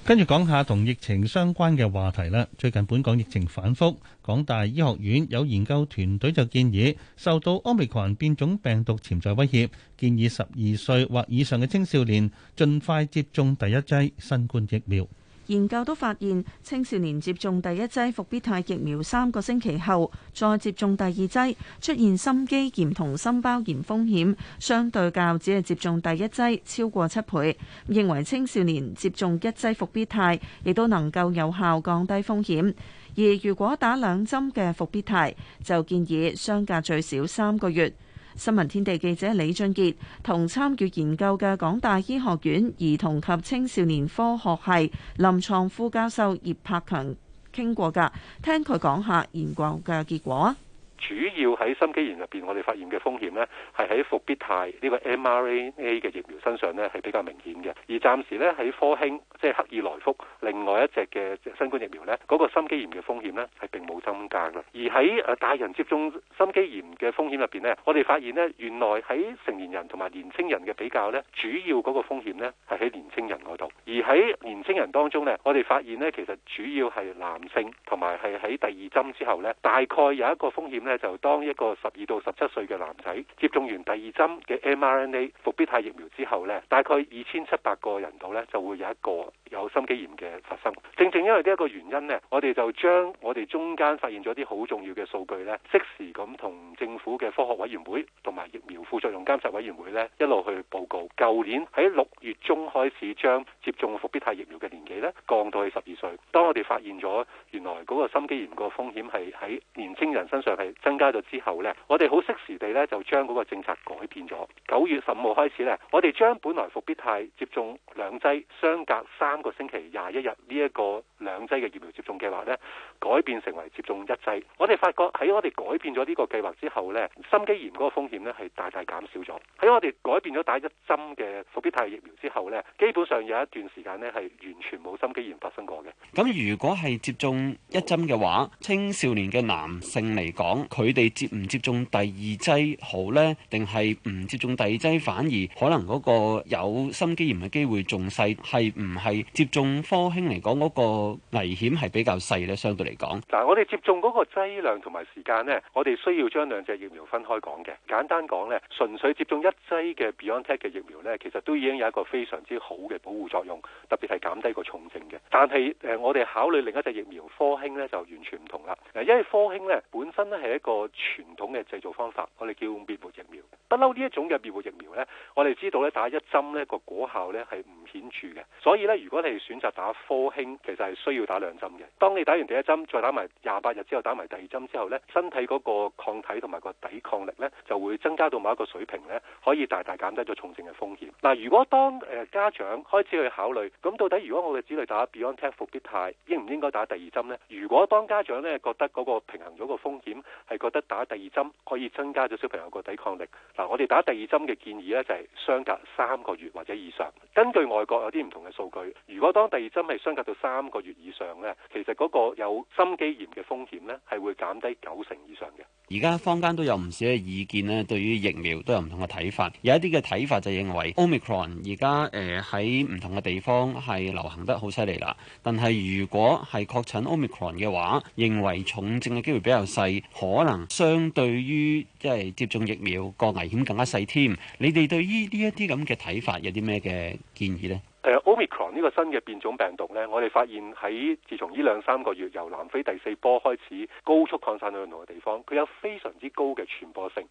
跟住講下同疫情相關嘅話題啦。最近本港疫情反覆，港大醫學院有研究團隊就建議，受到 Omicron 變種病毒潛在威脅，建議十二歲或以上嘅青少年盡快接種第一劑新冠疫苗。研究都發現，青少年接種第一劑復必泰疫苗三個星期後再接種第二劑，出現心肌炎同心包炎風險相對較只係接種第一劑超過七倍。認為青少年接種一劑復必泰亦都能夠有效降低風險，而如果打兩針嘅復必泰，就建議相隔最少三個月。新聞天地記者李俊傑，同參與研究嘅港大醫學院兒童及青少年科學系臨牀副教授葉柏強傾過㗎，聽佢講下研究嘅結果。主要喺心肌炎入邊，我哋發現嘅風險呢，係喺伏必泰呢個 mRNA 嘅疫苗身上呢，係比較明顯嘅。而暫時呢，喺科興，即係克爾來福，另外一隻嘅新冠疫苗呢，嗰個心肌炎嘅風險呢，係並冇增加嘅。而喺誒大人接種心肌炎嘅風險入邊呢，我哋發現呢，原來喺成年人同埋年青人嘅比較呢，主要嗰個風險咧，係喺年青人嗰度。而喺年青人當中呢，我哋發現呢，其實主要係男性，同埋係喺第二針之後呢，大概有一個風險。就當一個十二到十七歲嘅男仔接種完第二針嘅 mRNA 復必泰疫苗之後咧，大概二千七百個人度咧就會有一個有心肌炎嘅發生。正正因為呢一個原因咧，我哋就將我哋中間發現咗啲好重要嘅數據咧，適時咁同政府嘅科學委員會同埋疫苗副作用監察委員會咧一路去報告。舊年喺六月中開始將。接種復必泰疫苗嘅年紀呢降到去十二歲。當我哋發現咗原來嗰個心肌炎個風險係喺年青人身上係增加咗之後呢，我哋好適時地呢就將嗰個政策改變咗。九月十五號開始呢，我哋將本來復必泰接種兩劑，相隔三個星期廿一日呢一個兩劑嘅疫苗接種計劃呢改變成為接種一劑。我哋發覺喺我哋改變咗呢個計劃之後呢，心肌炎嗰個風險呢係大大減少咗。喺我哋改變咗打一針嘅復必泰疫苗之後呢，基本上有一段時間呢係完全冇心肌炎發生過嘅。咁如果係接種一針嘅話，青少年嘅男性嚟講，佢哋接唔接種第二劑好呢？定係唔接種第二劑，反而可能嗰個有心肌炎嘅機會仲細？係唔係接種科興嚟講嗰個危險係比較細呢？相對嚟講，嗱，我哋接種嗰個劑量同埋時間呢，我哋需要將兩隻疫苗分開講嘅。簡單講呢，純粹接種一劑嘅 Biontech 嘅疫苗呢，其實都已經有一個非常之好嘅保護作用。作用特別係減低個重症嘅，但係誒、呃、我哋考慮另一隻疫苗科興呢，就完全唔同啦。因為科興呢本身呢係一個傳統嘅製造方法，我哋叫滅活疫苗。不嬲呢一種嘅滅活疫苗呢，我哋知道呢打一針呢個果效呢係唔顯著嘅。所以呢，如果你選擇打科興，其實係需要打兩針嘅。當你打完第一針，再打埋廿八日之後打埋第二針之後呢，身體嗰個抗體同埋個抵抗力呢，就會增加到某一個水平呢，可以大大減低咗重症嘅風險。嗱、呃，如果當誒、呃、家長開始去考慮咁到底，如果我嘅子女打 BioNTech 復必泰，應唔應該打第二針呢？如果當家長呢覺得嗰個平衡咗個風險，係覺得打第二針可以增加咗小朋友個抵抗力，嗱，我哋打第二針嘅建議呢，就係、是、相隔三個月或者以上。根據外國有啲唔同嘅數據，如果當第二針係相隔到三個月以上呢，其實嗰個有心肌炎嘅風險呢，係會減低九成以上嘅。而家坊間都有唔少嘅意見呢，對於疫苗都有唔同嘅睇法。有一啲嘅睇法就認為 Omicron 而家誒喺、呃、唔同地方係流行得好犀利啦，但係如果係確診 Omicron 嘅話，認為重症嘅機會比較細，可能相對於即係接種疫苗個危險更加細添。你哋對於呢一啲咁嘅睇法有啲咩嘅建議呢？Uh, Omicron 呢個新嘅變種病毒呢，我哋發現喺自從呢兩三個月由南非第四波開始高速擴散到唔同嘅地方，佢有非常之高嘅傳播性，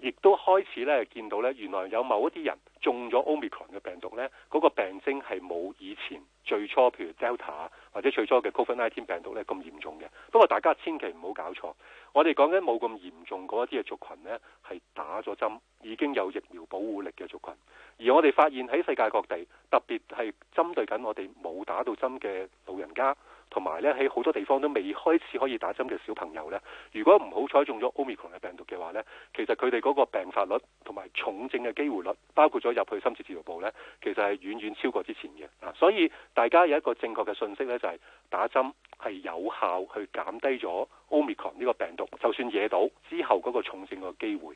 亦都開始呢，見到呢原來有某一啲人中咗 Omicron 嘅病毒呢，嗰個病徵係冇以前最初譬如 Delta 或者最初嘅 Covid nineteen 病毒呢咁嚴重嘅。不過大家千祈唔好搞錯。我哋講緊冇咁嚴重嗰一啲嘅族群呢，係打咗針，已經有疫苗保護力嘅族群。而我哋發現喺世界各地，特別係針對緊我哋冇打到針嘅老人家。同埋咧，喺好多地方都未開始可以打針嘅小朋友呢，如果唔好彩中咗奧密克戎嘅病毒嘅話呢，其實佢哋嗰個病發率同埋重症嘅機會率，包括咗入去深切治，治療部呢，其實係遠遠超過之前嘅。嗱、啊，所以大家有一個正確嘅信息呢，就係、是、打針係有效去減低咗奧密克戎呢個病毒，就算惹到之後嗰個重症嘅機會。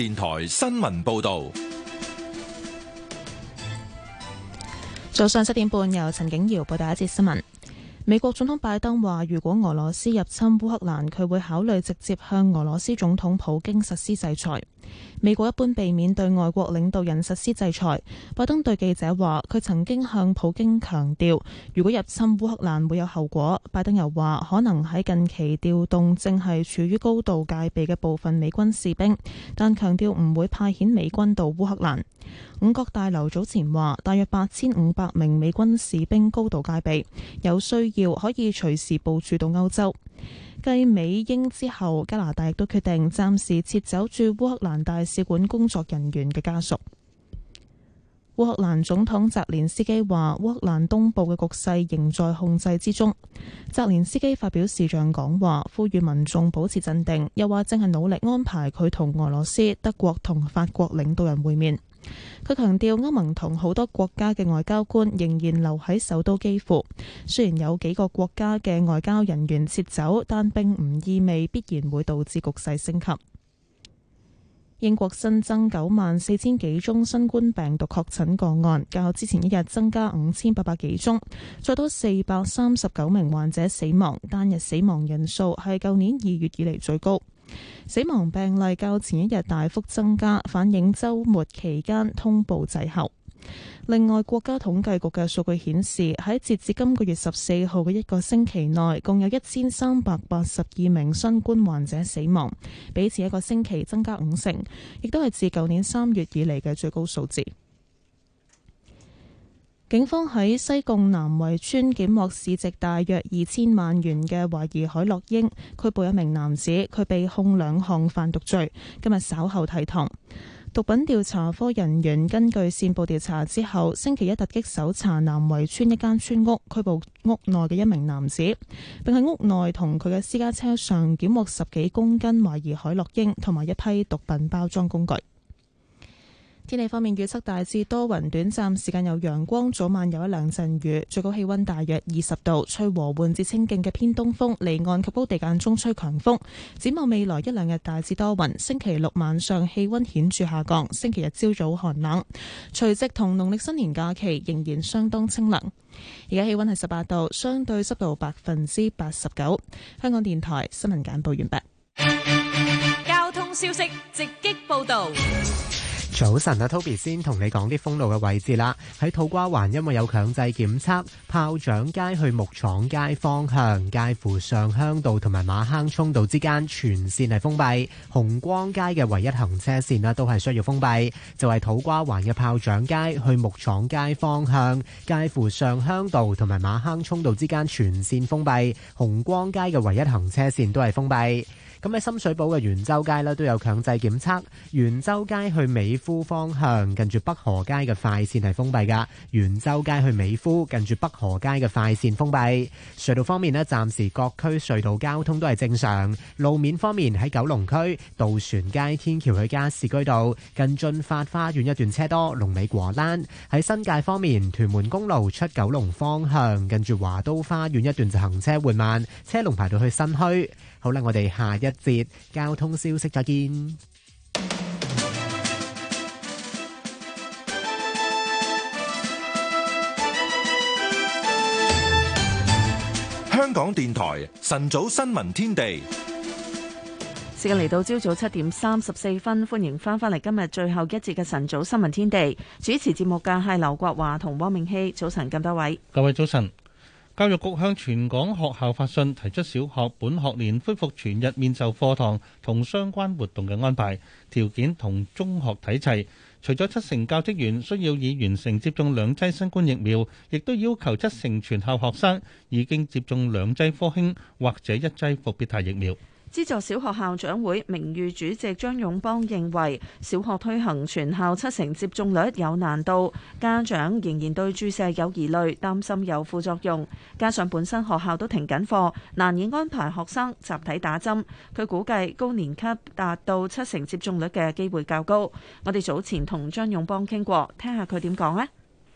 電台新聞報道，早上七點半由陳景堯報道一節新聞。美國總統拜登話，如果俄羅斯入侵烏克蘭，佢會考慮直接向俄羅斯總統普京實施制裁。美國一般避免對外國領導人實施制裁。拜登對記者話，佢曾經向普京強調，如果入侵烏克蘭會有後果。拜登又話，可能喺近期調動正係處於高度戒備嘅部分美軍士兵，但強調唔會派遣美軍到烏克蘭。五角大樓早前話，大約八千五百名美軍士兵高度戒備，有需要可以隨時部署到歐洲。繼美英之後，加拿大亦都決定暫時撤走駐烏克蘭大使館工作人員嘅家屬。烏克蘭總統澤連斯基話：烏克蘭東部嘅局勢仍在控制之中。澤連斯基發表視像講話，呼籲民眾保持鎮定，又話正係努力安排佢同俄羅斯、德國同法國領導人會面。佢強調，歐盟同好多國家嘅外交官仍然留喺首都基輔，雖然有幾個國家嘅外交人員撤走，但並唔意味必然會導致局勢升級。英國新增九萬四千幾宗新冠病毒確診個案，較之前一日增加五千八百幾宗，再多四百三十九名患者死亡，單日死亡人數係舊年二月以嚟最高。死亡病例較前一日大幅增加，反映周末期間通報滯後。另外，國家統計局嘅數據顯示，喺截至今個月十四號嘅一個星期內，共有一千三百八十二名新冠患者死亡，比前一個星期增加五成，亦都係自舊年三月以嚟嘅最高數字。警方喺西貢南圍村檢獲市值大約二千萬元嘅懷疑海洛因，拘捕一名男子，佢被控兩項販毒罪，今日稍後提堂。毒品調查科人員根據線報調查之後，星期一突擊搜查南圍村一間村屋，拘捕屋內嘅一名男子，並喺屋內同佢嘅私家車上檢獲十幾公斤懷疑海洛因同埋一批毒品包裝工具。天氣方面，預測大致多雲，短暫時間有陽光，早晚有一兩陣雨。最高氣溫大約二十度，吹和緩至清勁嘅偏東風，離岸及高地間中吹強風。展望未來一兩日大致多雲，星期六晚上氣溫顯著下降，星期日朝早寒冷。除夕同農曆新年假期仍然相當清冷。而家氣溫係十八度，相對濕度百分之八十九。香港電台新聞簡報完畢。交通消息直擊報道。早晨啊，Toby 先同你講啲封路嘅位置啦。喺土瓜灣，因為有強制檢測，炮仗街去木廠街方向、介乎上鄉道同埋馬坑涌道之間全綫係封閉。紅光街嘅唯一行車綫咧都係需要封閉，就係、是、土瓜灣嘅炮仗街去木廠街方向、介乎上鄉道同埋馬坑涌道之間全綫封閉。紅光街嘅唯一行車綫都係封閉。咁喺深水埗嘅元州街呢，都有強制檢測。元州街去美孚方向，近住北河街嘅快線係封閉㗎。元州街去美孚，近住北河街嘅快線封閉。隧道方面呢，暫時各區隧道交通都係正常。路面方面喺九龍區渡船街天橋去加士居道，近駿發花園一段車多，龍尾果欄。喺新界方面，屯門公路出九龍方向，近住華都花園一段就行車緩慢，車龍排到去新墟。好啦，我哋下一節交通消息再見。香港電台晨早新聞天地，時間嚟到朝早七點三十四分，歡迎翻返嚟今日最後一節嘅晨早新聞天地，主持節目嘅係劉國華同汪明熙。早晨咁多位，各位早晨。教育局向全港學校發信，提出小學本學年恢復全日面授課堂同相關活動嘅安排，條件同中學睇齊。除咗七成教職員需要已完成接種兩劑新冠疫苗，亦都要求七成全校學生已經接種兩劑科興或者一劑復必泰疫苗。資助小學校長會名譽主席張勇邦認為，小學推行全校七成接種率有難度，家長仍然對注射有疑慮，擔心有副作用，加上本身學校都停緊課，難以安排學生集體打針。佢估計高年級達到七成接種率嘅機會較高。我哋早前同張勇邦傾過，聽下佢點講呢？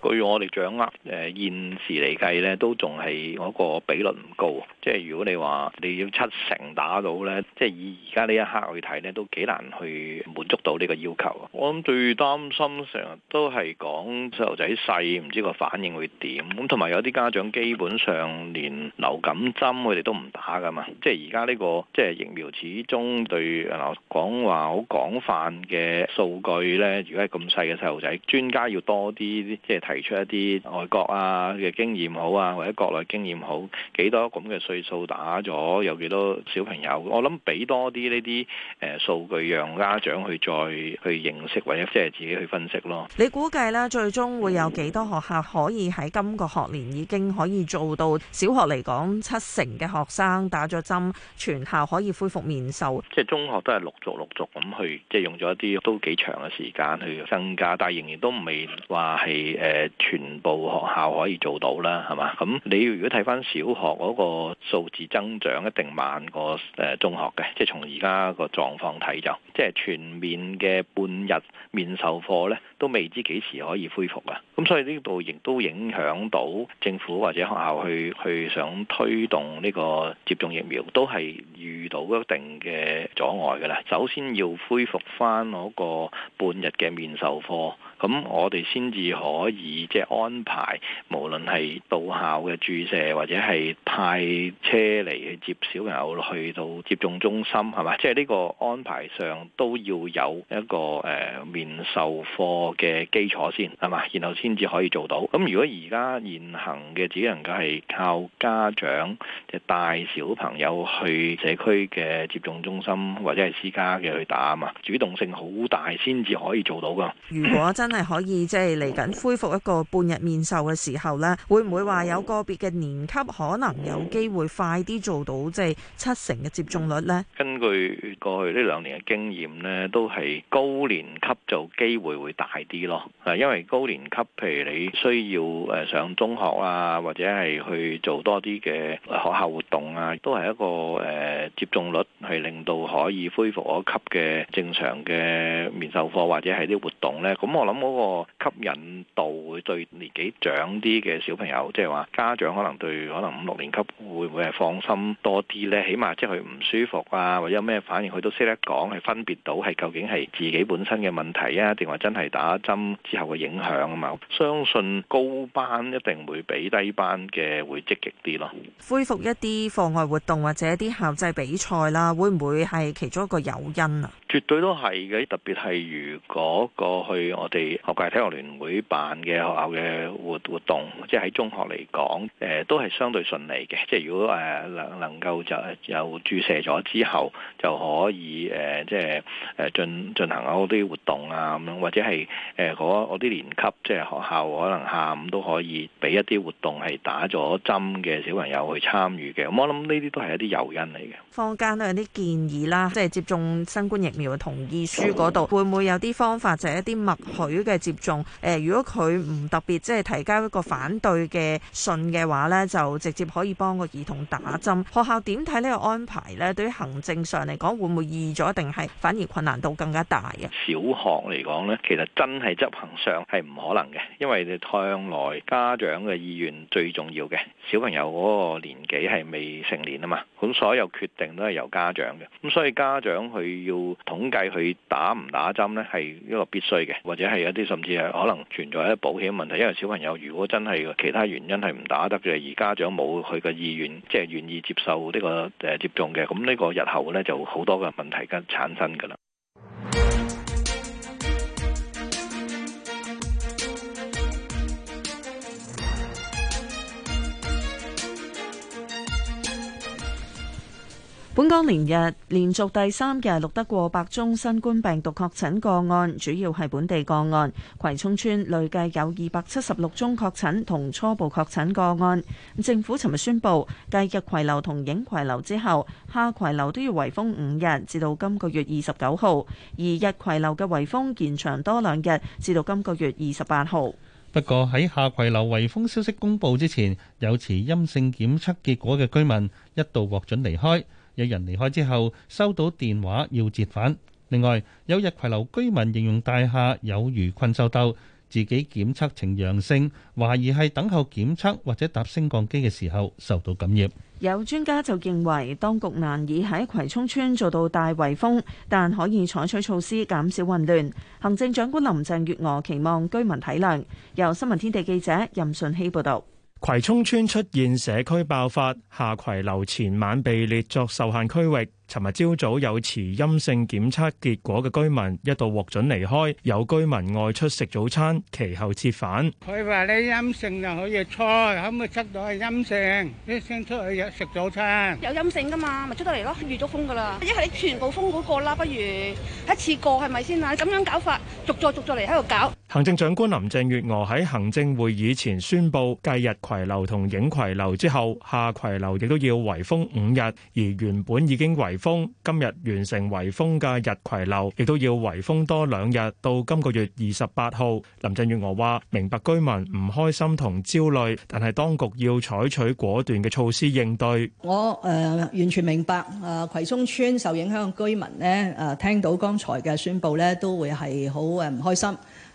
據我哋掌握，誒、呃、現時嚟計咧，都仲係嗰個比率唔高。即係如果你話你要七成打到咧，即係以而家呢一刻去睇咧，都幾難去滿足到呢個要求。我諗最擔心成日都係講細路仔細，唔知個反應會點。咁同埋有啲家長基本上連流感針佢哋都唔打㗎嘛。即係而家呢個即係疫苗，始終對誒講話好廣泛嘅數據咧。如果係咁細嘅細路仔，專家要多啲即係睇。提出一啲外國啊嘅經驗好啊，或者國內經驗好，幾多咁嘅歲數打咗，有幾多小朋友？我諗俾多啲呢啲誒數據讓家長去再去認識或者即係自己去分析咯。你估計咧，最終會有幾多學校可以喺今個學年已經可以做到小學嚟講七成嘅學生打咗針，全校可以恢復面授？即係中學都係陸續陸續咁去，即係用咗一啲都幾長嘅時間去增加，但係仍然都未話係誒。呃全部學校可以做到啦，係嘛？咁你如果睇翻小學嗰個數字增長，一定慢過誒中學嘅，即係從而家個狀況睇就，即係全面嘅半日面授課呢都未知幾時可以恢復啊！咁所以呢度亦都影響到政府或者學校去去想推動呢個接種疫苗，都係遇到一定嘅阻礙噶啦。首先要恢復翻嗰個半日嘅面授課。咁、嗯、我哋先至可以即係安排，無論係到校嘅注射，或者係派車嚟去接小朋友去到接種中心，係嘛？即係呢個安排上都要有一個誒、呃、面授課嘅基礎先，係嘛？然後先至可以做到。咁、嗯、如果而家現行嘅只能夠係靠家長即帶小朋友去社區嘅接種中心，或者係私家嘅去打啊嘛，主動性好大先至可以做到噶。如果真～真係可以即係嚟緊恢復一個半日面授嘅時候咧，會唔會話有個別嘅年級可能有機會快啲做到即係七成嘅接種率咧？根據過去呢兩年嘅經驗咧，都係高年級就機會會大啲咯。啊，因為高年級譬如你需要誒上中學啊，或者係去做多啲嘅學校活動啊，都係一個誒、呃、接種率係令到可以恢復嗰級嘅正常嘅面授課或者係啲活動咧。咁我諗。嗰個吸引度會對年紀長啲嘅小朋友，即係話家長可能對可能五六年級會唔會係放心多啲呢？起碼即係佢唔舒服啊，或者有咩反應，佢都識得講，係分別到係究竟係自己本身嘅問題啊，定話真係打針之後嘅影響啊嘛。我相信高班一定會比低班嘅會積極啲咯。恢復一啲課外活動或者一啲校際比賽啦，會唔會係其中一個誘因啊？絕對都係嘅，特別係如果過去我哋學界體育聯會辦嘅學校嘅活活動，即係喺中學嚟講，誒、呃、都係相對順利嘅。即係如果誒能能夠就有注射咗之後，就可以誒、呃、即係誒進進行嗰啲活動啊咁樣，或者係誒嗰啲年級，即係學校可能下午都可以俾一啲活動係打咗針嘅小朋友去參與嘅、嗯。我諗呢啲都係一啲誘因嚟嘅。坊間都有啲建議啦，即、就、係、是、接種新冠疫苗。同意書嗰度會唔會有啲方法，就係一啲默許嘅接種？誒、呃，如果佢唔特別即係提交一個反對嘅信嘅話呢就直接可以幫個兒童打針。學校點睇呢個安排呢？對於行政上嚟講，會唔會易咗，定係反而困難度更加大啊？小學嚟講呢，其實真係執行上係唔可能嘅，因為你向來家長嘅意願最重要嘅。小朋友嗰個年紀係未成年啊嘛，咁所有決定都係由家長嘅，咁所以家長佢要。統計佢打唔打針呢，係一個必須嘅，或者係一啲甚至係可能存在一啲保險問題。因為小朋友如果真係其他原因係唔打得嘅，而家長冇佢嘅意願，即係願意接受呢個誒接種嘅，咁呢個日後呢就好多嘅問題嘅產生噶啦。本港連日連續第三日錄得過百宗新冠病毒確診個案，主要係本地個案。葵涌村累計有二百七十六宗確診同初步確診個案。政府尋日宣布，繼日葵樓同映葵樓之後，下葵樓都要圍封五日，至到今個月二十九號；而日葵樓嘅圍封延長多兩日，至到今個月二十八號。不過喺下葵樓圍封消息公布之前，有持陰性檢測結果嘅居民一度獲准離開。有人離開之後，收到電話要折返。另外，有日葵樓居民形容大廈有如困獸鬥，自己檢測呈陽性，懷疑係等候檢測或者搭升降機嘅時候受到感染。有專家就認為，當局難以喺葵涌村做到大圍封，但可以採取措施減少混亂。行政長官林鄭月娥期望居民體諒。由新聞天地記者任順希報導。葵涌村出現社區爆發，下葵樓前晚被列作受限區域。尋日朝早有持陰性檢測結果嘅居民一度獲准離開，有居民外出食早餐，其後折返。佢話你陰性就可以出，可唔可以出到去陰性，先出去食早餐。有陰性噶嘛，咪出得嚟咯，預咗風噶啦。一係你全部封嗰個啦，不如一次過係咪先啊？咁樣搞法，逐座逐座嚟喺度搞。行政長官林鄭月娥喺行政會議前宣布，繼逸葵樓同映葵樓之後，夏葵樓亦都要圍封五日，而原本已經圍。圍封今日完成圍封嘅逸葵樓，亦都要圍封多兩日，到今個月二十八號。林鄭月娥話：明白居民唔開心同焦慮，但係當局要採取果斷嘅措施應對。我誒完全明白誒葵涌村受影響嘅居民呢誒聽到剛才嘅宣布呢，都會係好誒唔開心，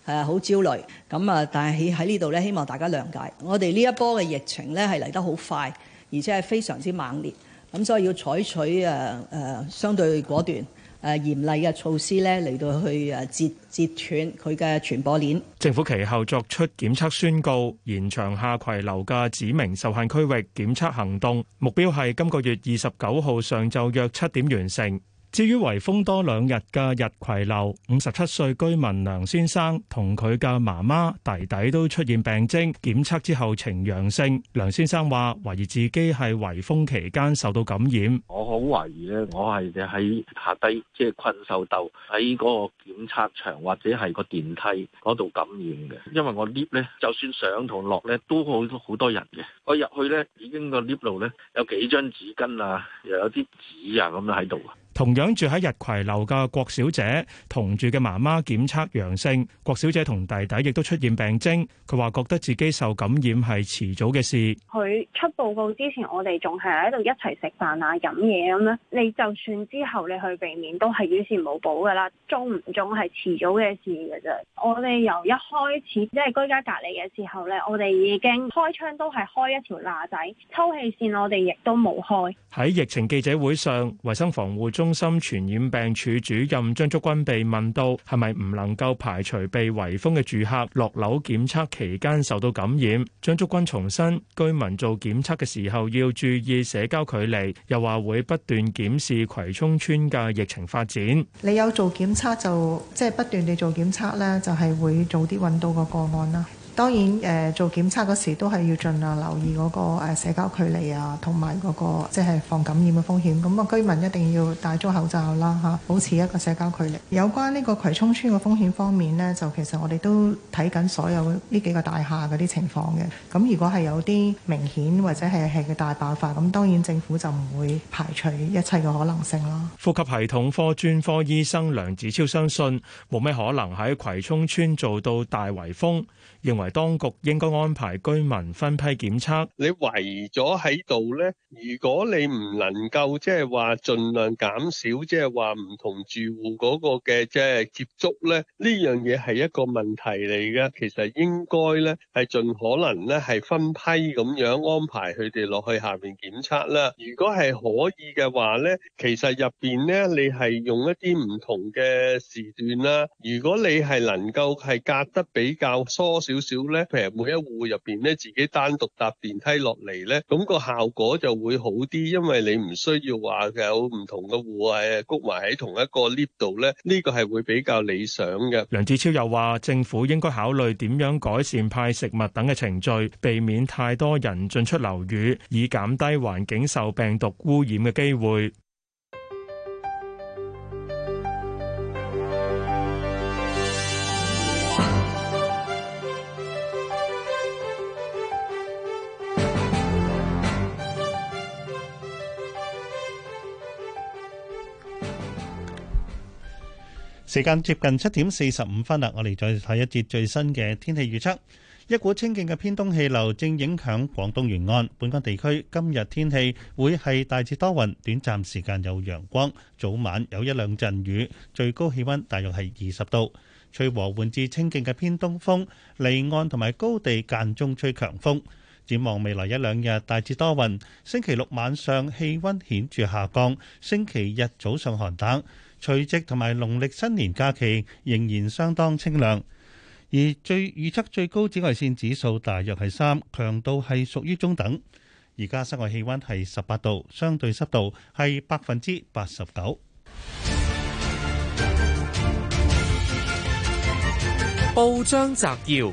誒好焦慮。咁啊，但係喺呢度呢，希望大家諒解。我哋呢一波嘅疫情呢係嚟得好快，而且係非常之猛烈。咁所以要採取誒誒相對果斷誒嚴厲嘅措施咧，嚟到去誒截截斷佢嘅傳播鏈。政府其後作出檢測宣告，延長下葵樓嘅指明受限區域檢測行動，目標係今個月二十九號上晝約七點完成。至於圍封多兩日嘅逸葵樓，五十七歲居民梁先生同佢嘅媽媽、弟弟都出現病徵，檢測之後呈陽性。梁先生話：懷疑自己係圍封期間受到感染。我好懷疑咧，我係喺下低即係困獸鬥喺嗰個檢測場或者係個電梯嗰度感染嘅，因為我 lift 咧，就算上同落咧都好多好多人嘅。我入去咧已經個 lift 度咧有幾張紙巾啊，又有啲紙啊咁樣喺度。同樣住喺日葵樓嘅郭小姐，同住嘅媽媽檢測陽性，郭小姐同弟弟亦都出現病徵。佢話覺得自己受感染係遲早嘅事。佢出報告之前，我哋仲係喺度一齊食飯啊、飲嘢咁樣。你就算之後你去避免，都係於事無補㗎啦。中唔中係遲早嘅事㗎啫。我哋由一開始即係、就是、居家隔離嘅時候咧，我哋已經開窗都係開一條罅仔，抽氣扇我哋亦都冇開。喺疫情記者會上，衞生防護中。中心傳染病處主任張竹君被問到係咪唔能夠排除被圍封嘅住客落樓檢測期間受到感染，張竹君重申居民做檢測嘅時候要注意社交距離，又話會不斷檢視葵涌村嘅疫情發展。你有做檢測就即係、就是、不斷地做檢測咧，就係會早啲揾到個個案啦。當然，誒、呃、做檢測嗰時都係要盡量留意嗰個社交距離啊，同埋嗰個即係、就是、防感染嘅風險。咁啊，居民一定要戴住口罩啦，嚇保持一個社交距離。有關呢個葵涌村嘅風險方面呢，就其實我哋都睇緊所有呢幾個大廈嗰啲情況嘅。咁如果係有啲明顯或者係係嘅大爆發，咁當然政府就唔會排除一切嘅可能性啦。呼吸系統科專科醫生梁子超相信冇咩可能喺葵涌村做到大圍風。認為當局應該安排居民分批檢測。你圍咗喺度呢，如果你唔能夠即係話盡量減少，即係話唔同住戶嗰個嘅即係接觸呢，呢樣嘢係一個問題嚟㗎。其實應該呢，係盡可能呢，係分批咁樣安排佢哋落去下面檢測啦。如果係可以嘅話呢，其實入邊呢，你係用一啲唔同嘅時段啦。如果你係能夠係隔得比較疏少。少少咧，譬如每一戶入邊咧，自己單獨搭電梯落嚟咧，咁個效果就會好啲，因為你唔需要話有唔同嘅戶係谷埋喺同一個 lift 度咧，呢個係會比較理想嘅。梁志超又話，政府應該考慮點樣改善派食物等嘅程序，避免太多人進出樓宇，以減低環境受病毒污染嘅機會。時間接近七點四十五分啦，我哋再睇一節最新嘅天氣預測。一股清勁嘅偏東氣流正影響廣東沿岸，本港地區今日天氣會係大致多雲，短暫時間有陽光，早晚有一兩陣雨，最高氣溫大約係二十度，吹和緩至清勁嘅偏東風，離岸同埋高地間中吹強風。展望未來一兩日大致多雲，星期六晚上氣溫顯著下降，星期日早上寒冷。除夕同埋農曆新年假期仍然相當清涼，而最預測最高紫外線指數大約係三，強度係屬於中等。而家室外氣溫係十八度，相對濕度係百分之八十九。報章摘要，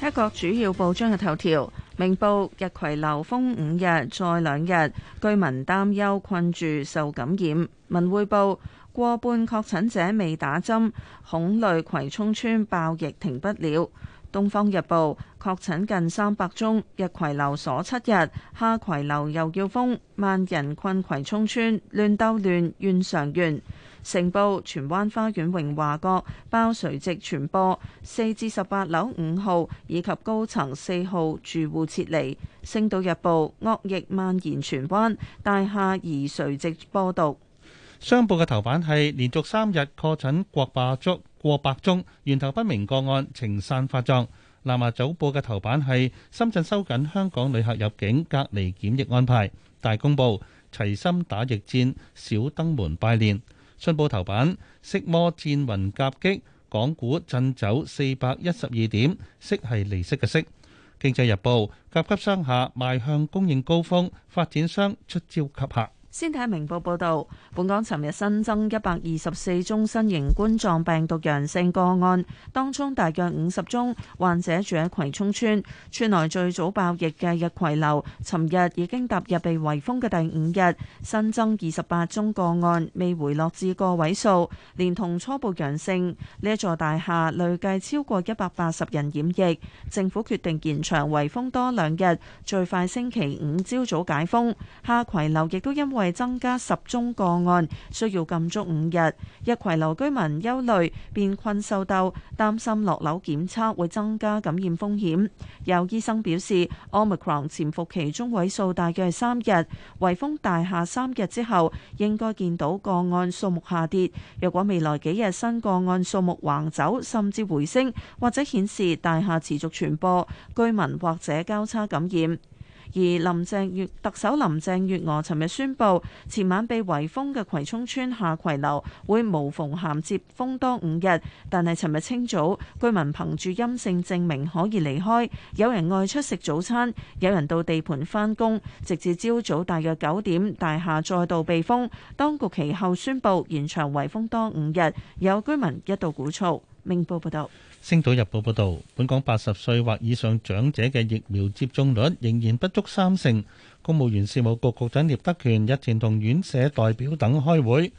睇下主要報章嘅頭條。明報逸葵樓封五日，再兩日，居民擔憂困住受感染。文匯報過半確診者未打針，恐累葵涌邨爆疫停不了。東方日報確診近三百宗，逸葵樓鎖七日，夏葵樓又要封，萬人困葵涌邨，亂鬥亂怨常怨。成報荃灣花園榮華閣包垂直傳播，四至十八樓五號以及高層四號住戶撤離。星島日報惡疫蔓延荃灣大廈，疑垂直播毒。商報嘅頭版係連續三日確診國霸足過百宗，源頭不明個案呈散發狀。南華早報嘅頭版係深圳收緊香港旅客入境隔離檢疫安排。大公報齊心打疫戰，少登門拜年。信報頭版：息魔戰雲夾擊，港股震走四百一十二點，息係利息嘅息。經濟日報：甲級商廈，邁向供應高峰，發展商出招吸客。先睇下明報報導，本港尋日新增一百二十四宗新型冠狀病毒陽性個案，當中大約五十宗患者住喺葵涌村，村內最早爆疫嘅日葵樓尋日已經踏入被圍封嘅第五日，新增二十八宗個案，未回落至個位數，連同初步陽性，呢一座大廈累計超過一百八十人染疫，政府決定延長圍封多兩日，最快星期五朝早解封。下葵樓亦都因為增加十宗個案，需要禁足五日。逸葵樓居民憂慮，變困獸鬥，擔心落樓檢測會增加感染風險。有醫生表示，奧密克戎潛伏期中位數大約係三日，圍封大廈三日之後應該見到個案數目下跌。若果未來幾日新個案數目橫走，甚至回升，或者顯示大廈持續傳播，居民或者交叉感染。而林鄭月特首林鄭月娥尋日宣布，前晚被圍封嘅葵涌村下葵樓會無縫銜接封多五日，但係尋日清早居民憑住陰性證明可以離開，有人外出食早餐，有人到地盤返工，直至朝早大約九點大廈再度被封，當局其後宣布延長圍封多五日，有居民一度鼓噪。明報報道。星島日報報導，本港八十歲或以上長者嘅疫苗接種率仍然不足三成。公務員事務局局長聶德權日前同院舍代表等開會，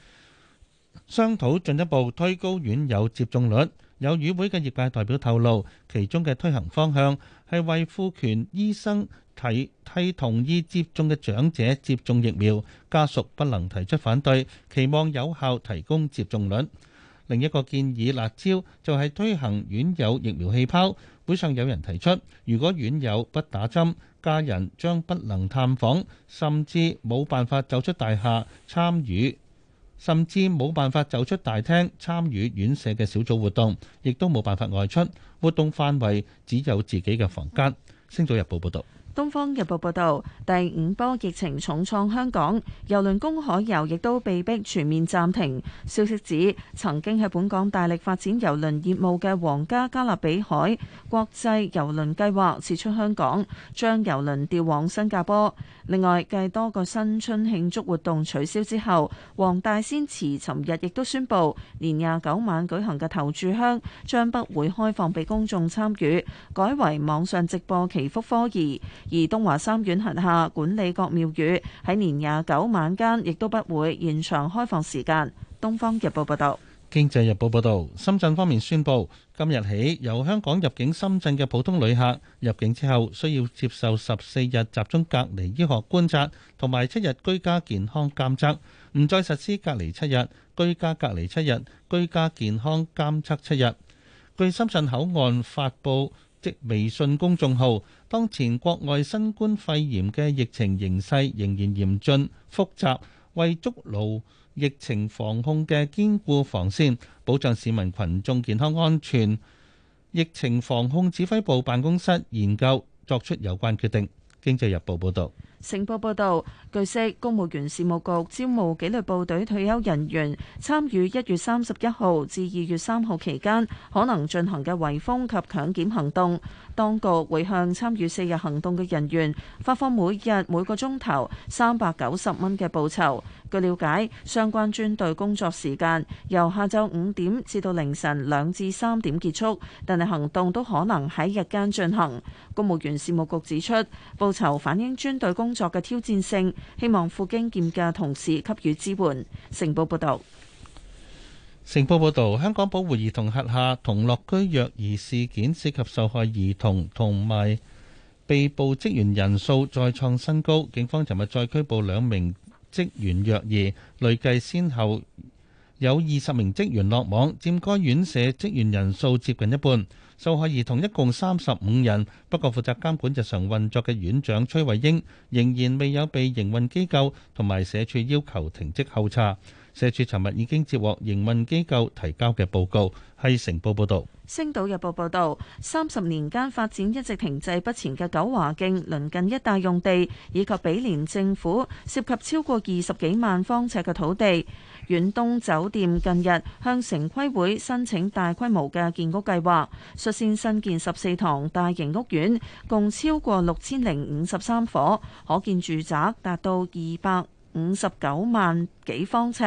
商討進一步推高院友接種率。有與會嘅業界代表透露，其中嘅推行方向係為賦權醫生提替同意接種嘅長者接種疫苗，家屬不能提出反對，期望有效提供接種率。另一個建議辣椒就係、是、推行院友疫苗氣泡。會上有人提出，如果院友不打針，家人將不能探訪，甚至冇辦法走出大廈參與，甚至冇辦法走出大廳參與院舍嘅小組活動，亦都冇辦法外出。活動範圍只有自己嘅房間。星島日報報道。東方日報報道，第五波疫情重創香港，郵輪公海遊亦都被迫全面暫停。消息指，曾經喺本港大力發展郵輪業務嘅皇家加勒比海國際郵輪計劃撤出香港，將郵輪調往新加坡。另外，繼多個新春慶祝活動取消之後，黃大仙祠尋日亦都宣佈，年廿九晚舉行嘅頭炷香將不會開放俾公眾參與，改為網上直播祈福科儀。而東華三院轄下管理各廟宇喺年廿九晚間亦都不會延長開放時間。《東方日報》報道。《經濟日報》報道，深圳方面宣布，今日起由香港入境深圳嘅普通旅客入境之後需要接受十四日集中隔離醫學觀察，同埋七日居家健康監測，唔再實施隔離七日、居家隔離七日、居家健康監測七日。據深圳口岸發布即微信公眾號。當前國外新冠肺炎嘅疫情形勢仍然嚴峻複雜，為築牢疫情防控嘅堅固防線，保障市民群眾健康安全，疫情防控指揮部辦公室研究作出有關決定。經濟日報報道。《星報》報道，據悉，公務員事務局招募紀律部隊退休人員，參與一月三十一號至二月三號期間可能進行嘅圍封及強檢行動。當局會向參與四日行動嘅人員發放每日每個鐘頭三百九十蚊嘅報酬。據了解，相關專隊工作時間由下晝五點至到凌晨兩至三點結束，但係行動都可能喺日間進行。公務員事務局指出，報酬反映專隊工作嘅挑戰性，希望副經驗嘅同事給予支援。成報報道。成報報導，香港保護兒童轄下同樂居虐兒事件涉及受害兒童同埋被捕職員人數再創新高。警方尋日再拘捕兩名職員虐兒，累計先後有二十名職員落網，佔該院舍職員人數接近一半。受害兒童一共三十五人，不過負責監管日常運作嘅院長崔惠英仍然未有被營運機構同埋社署要求停職候查。社署尋日已經接獲營運機構提交嘅報告，係成報報道：「星島日報報道，三十年間發展一直停滯不前嘅九華徑鄰近一帶用地，以及比連政府涉及超過二十幾萬方呎嘅土地。遠東酒店近日向城規會申請大規模嘅建屋計劃，率先新建十四幢大型屋苑，共超過六千零五十三伙可建住宅，達到二百五十九萬幾方尺，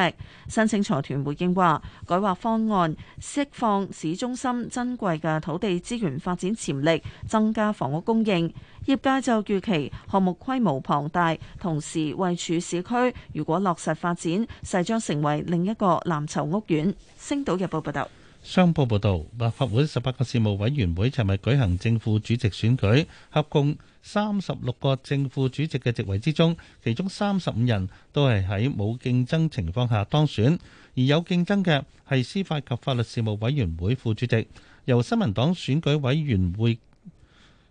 申請財團回應話：改劃方案釋放市中心珍貴嘅土地資源發展潛力，增加房屋供應。業界就預期項目規模龐大，同時位處市區，如果落實發展，勢將成為另一個藍籌屋苑。星島日報報道。商報報導，立法會十八個事務委員會尋日舉行正副主席選舉，合共三十六個正副主席嘅席位之中，其中三十五人都係喺冇競爭情況下當選，而有競爭嘅係司法及法律事務委員會副主席，由新民黨選舉委員會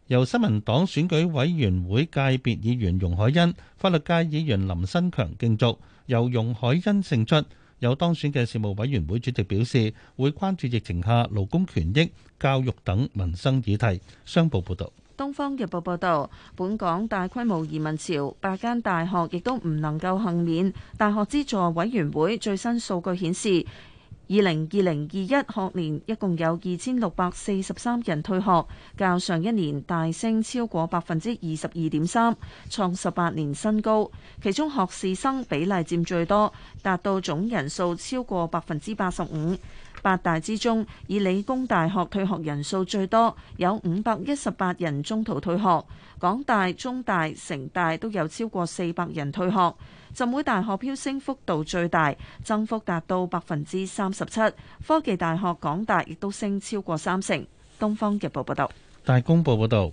由新民黨選舉委員會界別議員容海恩、法律界議員林新強競逐，由容海恩勝出。有當選嘅事務委員會主席表示，會關注疫情下勞工權益、教育等民生議題。商報報導，東方日報報道，本港大規模移民潮，八間大學亦都唔能夠幸免。大學資助委員會最新數據顯示，二零二零二一學年一共有二千六百四十三人退學，較上一年大升超過百分之二十二點三，創十八年新高。其中學士生比例佔最多，達到總人數超過百分之八十五。八大之中，以理工大學退學人數最多，有五百一十八人中途退學。港大、中大、城大都有超過四百人退學。浸會大學飄升幅度最大，增幅達到百分之三十七。科技大學、港大亦都升超過三成。《東方日報》報道。《大公報》報道。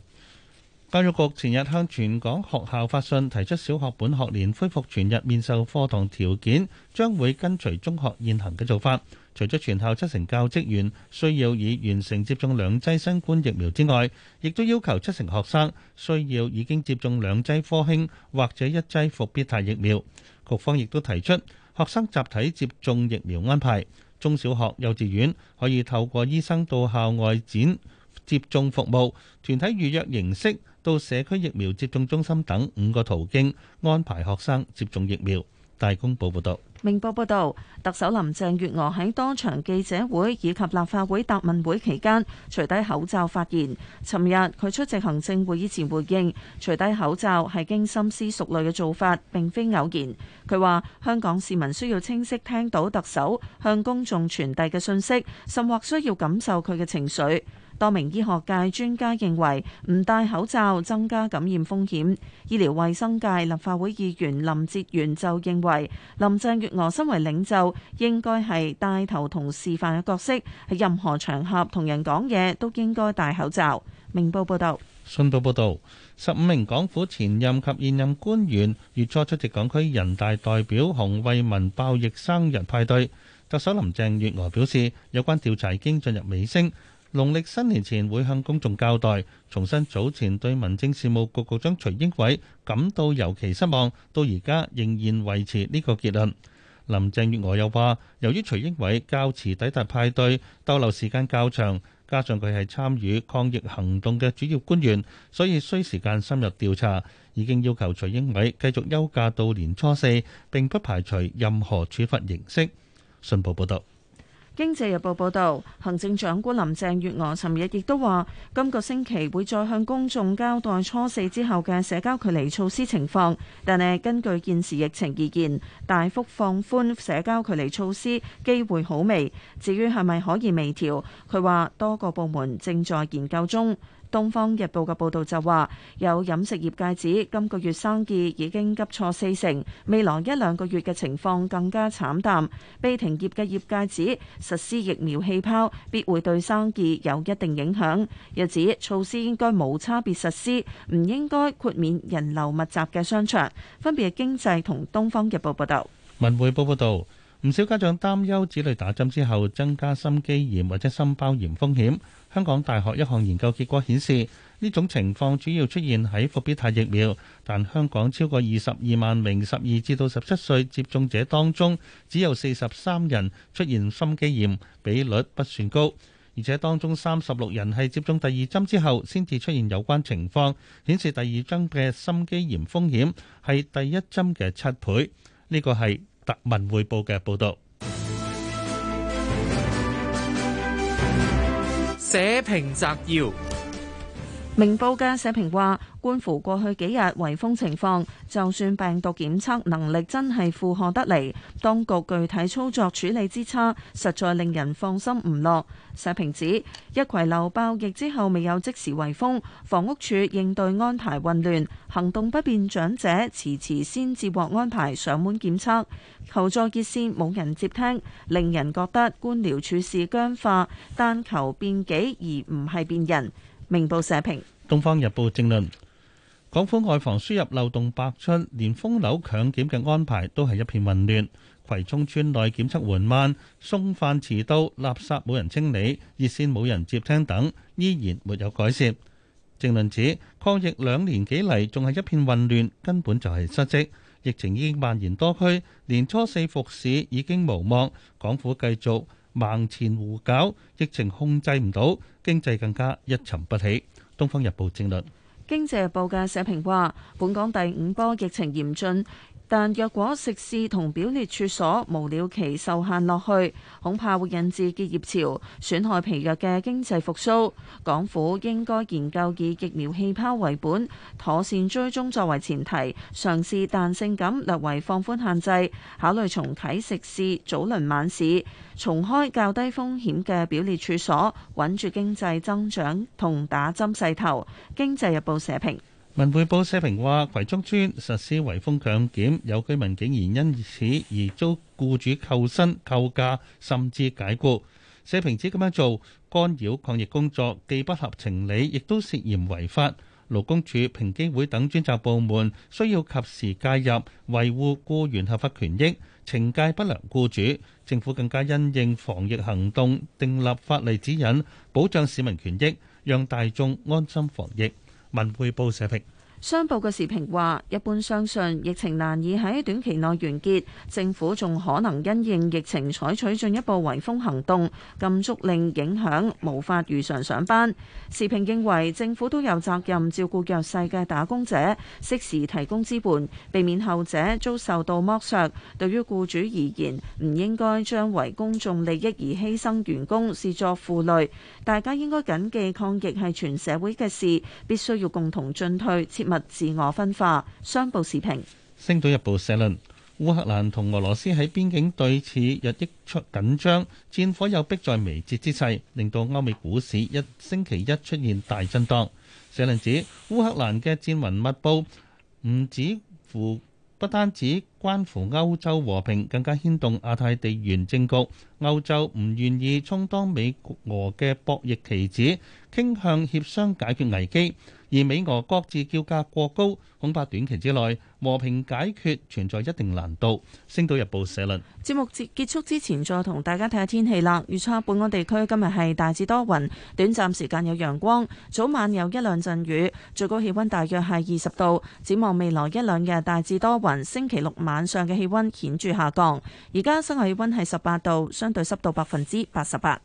教育局前日向全港學校發信，提出小學本學年恢復全日面授課堂條件，將會跟隨中學現行嘅做法。除咗全校七成教職員需要已完成接種兩劑新冠疫苗之外，亦都要求七成學生需要已經接種兩劑科興或者一劑復必泰疫苗。局方亦都提出學生集體接種疫苗安排，中小學幼稚園可以透過醫生到校外展接種服務、團體預約形式，到社區疫苗接種中心等五個途徑安排學生接種疫苗。大公報報道：「明報報道，特首林鄭月娥喺當場記者會以及立法會答問會期間，除低口罩發言。尋日佢出席行政會議前回應，除低口罩係經深思熟慮嘅做法，並非偶然。佢話：香港市民需要清晰聽到特首向公眾傳遞嘅信息，甚或需要感受佢嘅情緒。多名醫學界專家認為唔戴口罩增加感染風險。醫療衛生界立法會議員林哲元就認為，林鄭月娥身為領袖，應該係帶頭同示範嘅角色，喺任何場合同人講嘢都應該戴口罩。明報報導，信報報導，十五名港府前任及現任官員月初出席港區人大代表洪為民爆疫生日派對。特首林鄭月娥表示，有關調查已經進入尾聲。農曆新年前，會向公眾交代，重新早前對民政事務局局長徐英偉感到尤其失望，到而家仍然維持這個結論。林鄭月娥又話，由於徐英偉，較遲抵達派對，逗留時間較長，加上佢係參與抗疫行動嘅主要官員，所以需時間深入調查，已經要求徐英偉繼續休假到年初四，並不排除任何處罰形式。信報報道。《經濟日報》報導，行政長官林鄭月娥尋日亦都話，今個星期會再向公眾交代初四之後嘅社交距離措施情況。但係根據現時疫情而言，大幅放寬社交距離措施機會好微。至於係咪可以微調，佢話多個部門正在研究中。《東方日報》嘅報道就話，有飲食業界指今個月生意已經急挫四成，未來一兩個月嘅情況更加慘淡。被停業嘅業界指實施疫苗氣泡，必會對生意有一定影響。又指措施應該冇差別實施，唔應該豁免人流密集嘅商場。分別係《經濟》同《東方日報》報道，《文匯報》報道。唔少家長擔憂子女打針之後增加心肌炎或者心包炎風險。香港大學一項研究結果顯示，呢種情況主要出現喺復必泰疫苗，但香港超過二十二萬名十二至到十七歲接種者當中，只有四十三人出現心肌炎，比率不算高。而且當中三十六人係接種第二針之後先至出現有關情況，顯示第二針嘅心肌炎風險係第一針嘅七倍。呢個係。特文匯報嘅報道，社評摘要。明報嘅社評話，觀乎過去幾日圍封情況，就算病毒檢測能力真係負荷得嚟，當局具體操作處理之差，實在令人放心唔落。社評指，一幢樓爆疫之後未有即時圍封，房屋署應對安排混亂，行動不便長者遲遲先至獲安排上門檢測，求助熱線冇人接聽，令人覺得官僚處事僵化，但求便己而唔係便人。明報社評。東方日報正論，港府外防輸入漏洞百出，連封樓強檢嘅安排都係一片混亂，葵涌村內檢測緩慢，送飯遲到，垃圾冇人清理，熱線冇人接聽等，依然沒有改善。正論指抗疫兩年幾嚟，仲係一片混亂，根本就係失職。疫情已經蔓延多區，年初四復市已經無望，港府繼續。盲前胡搞，疫情控制唔到，經濟更加一沉不起。《東方日報》正論，《經濟日報》嘅社評話：本港第五波疫情嚴峻。但若果食肆同表列處所無了期受限落去，恐怕會引致結業潮，損害疲弱嘅經濟復甦。港府應該研究以疫苗氣泡為本，妥善追蹤作為前提，嘗試彈性噉略為放寬限制，考慮重啟食肆、早輪晚市、重開較低風險嘅表列處所，穩住經濟增長同打針勢頭。經濟日報社評。文匯報社評話：葵涌村實施圍封強檢，有居民竟然因此而遭雇主扣薪、扣假，甚至解雇。社評指咁樣做干擾抗疫工作，既不合情理，亦都涉嫌違法。勞工處、平機會等專責部門需要及時介入，維護雇員合法權益，懲戒不良雇主。政府更加因應防疫行動，訂立法例指引，保障市民權益，讓大眾安心防疫。文匯報社評。商報嘅時評話：一般相信疫情難以喺短期內完結，政府仲可能因應疫情採取進一步圍封行動，禁足令影響無法如常上班。時評認為政府都有責任照顧弱勢嘅打工者，適時提供資本，避免後者遭受到剝削。對於雇主而言，唔應該將為公眾利益而犧牲員工視作負累。大家應該緊記抗疫係全社會嘅事，必須要共同進退。物自我分化，商報時評。星島日報社論：烏克蘭同俄羅斯喺邊境對峙日益出緊張，戰火又迫在眉睫之際，令到歐美股市一星期一出現大震盪。社論指，烏克蘭嘅戰雲密佈，唔只乎不單止關乎歐洲和平，更加牽動亞太地緣政局。歐洲唔願意充當美國俄嘅博弈棋子，傾向協商解決危機。而美俄各自叫價過高，恐怕短期之內和平解決存在一定難度。星島日報社論。節目結結束之前，再同大家睇下天氣啦。預測本港地區今日係大致多雲，短暫時間有陽光，早晚有一兩陣雨，最高氣温大約係二十度。展望未來一兩日大致多雲，星期六晚上嘅氣温顯著下降。而家室外氣温係十八度，相對濕度百分之八十八。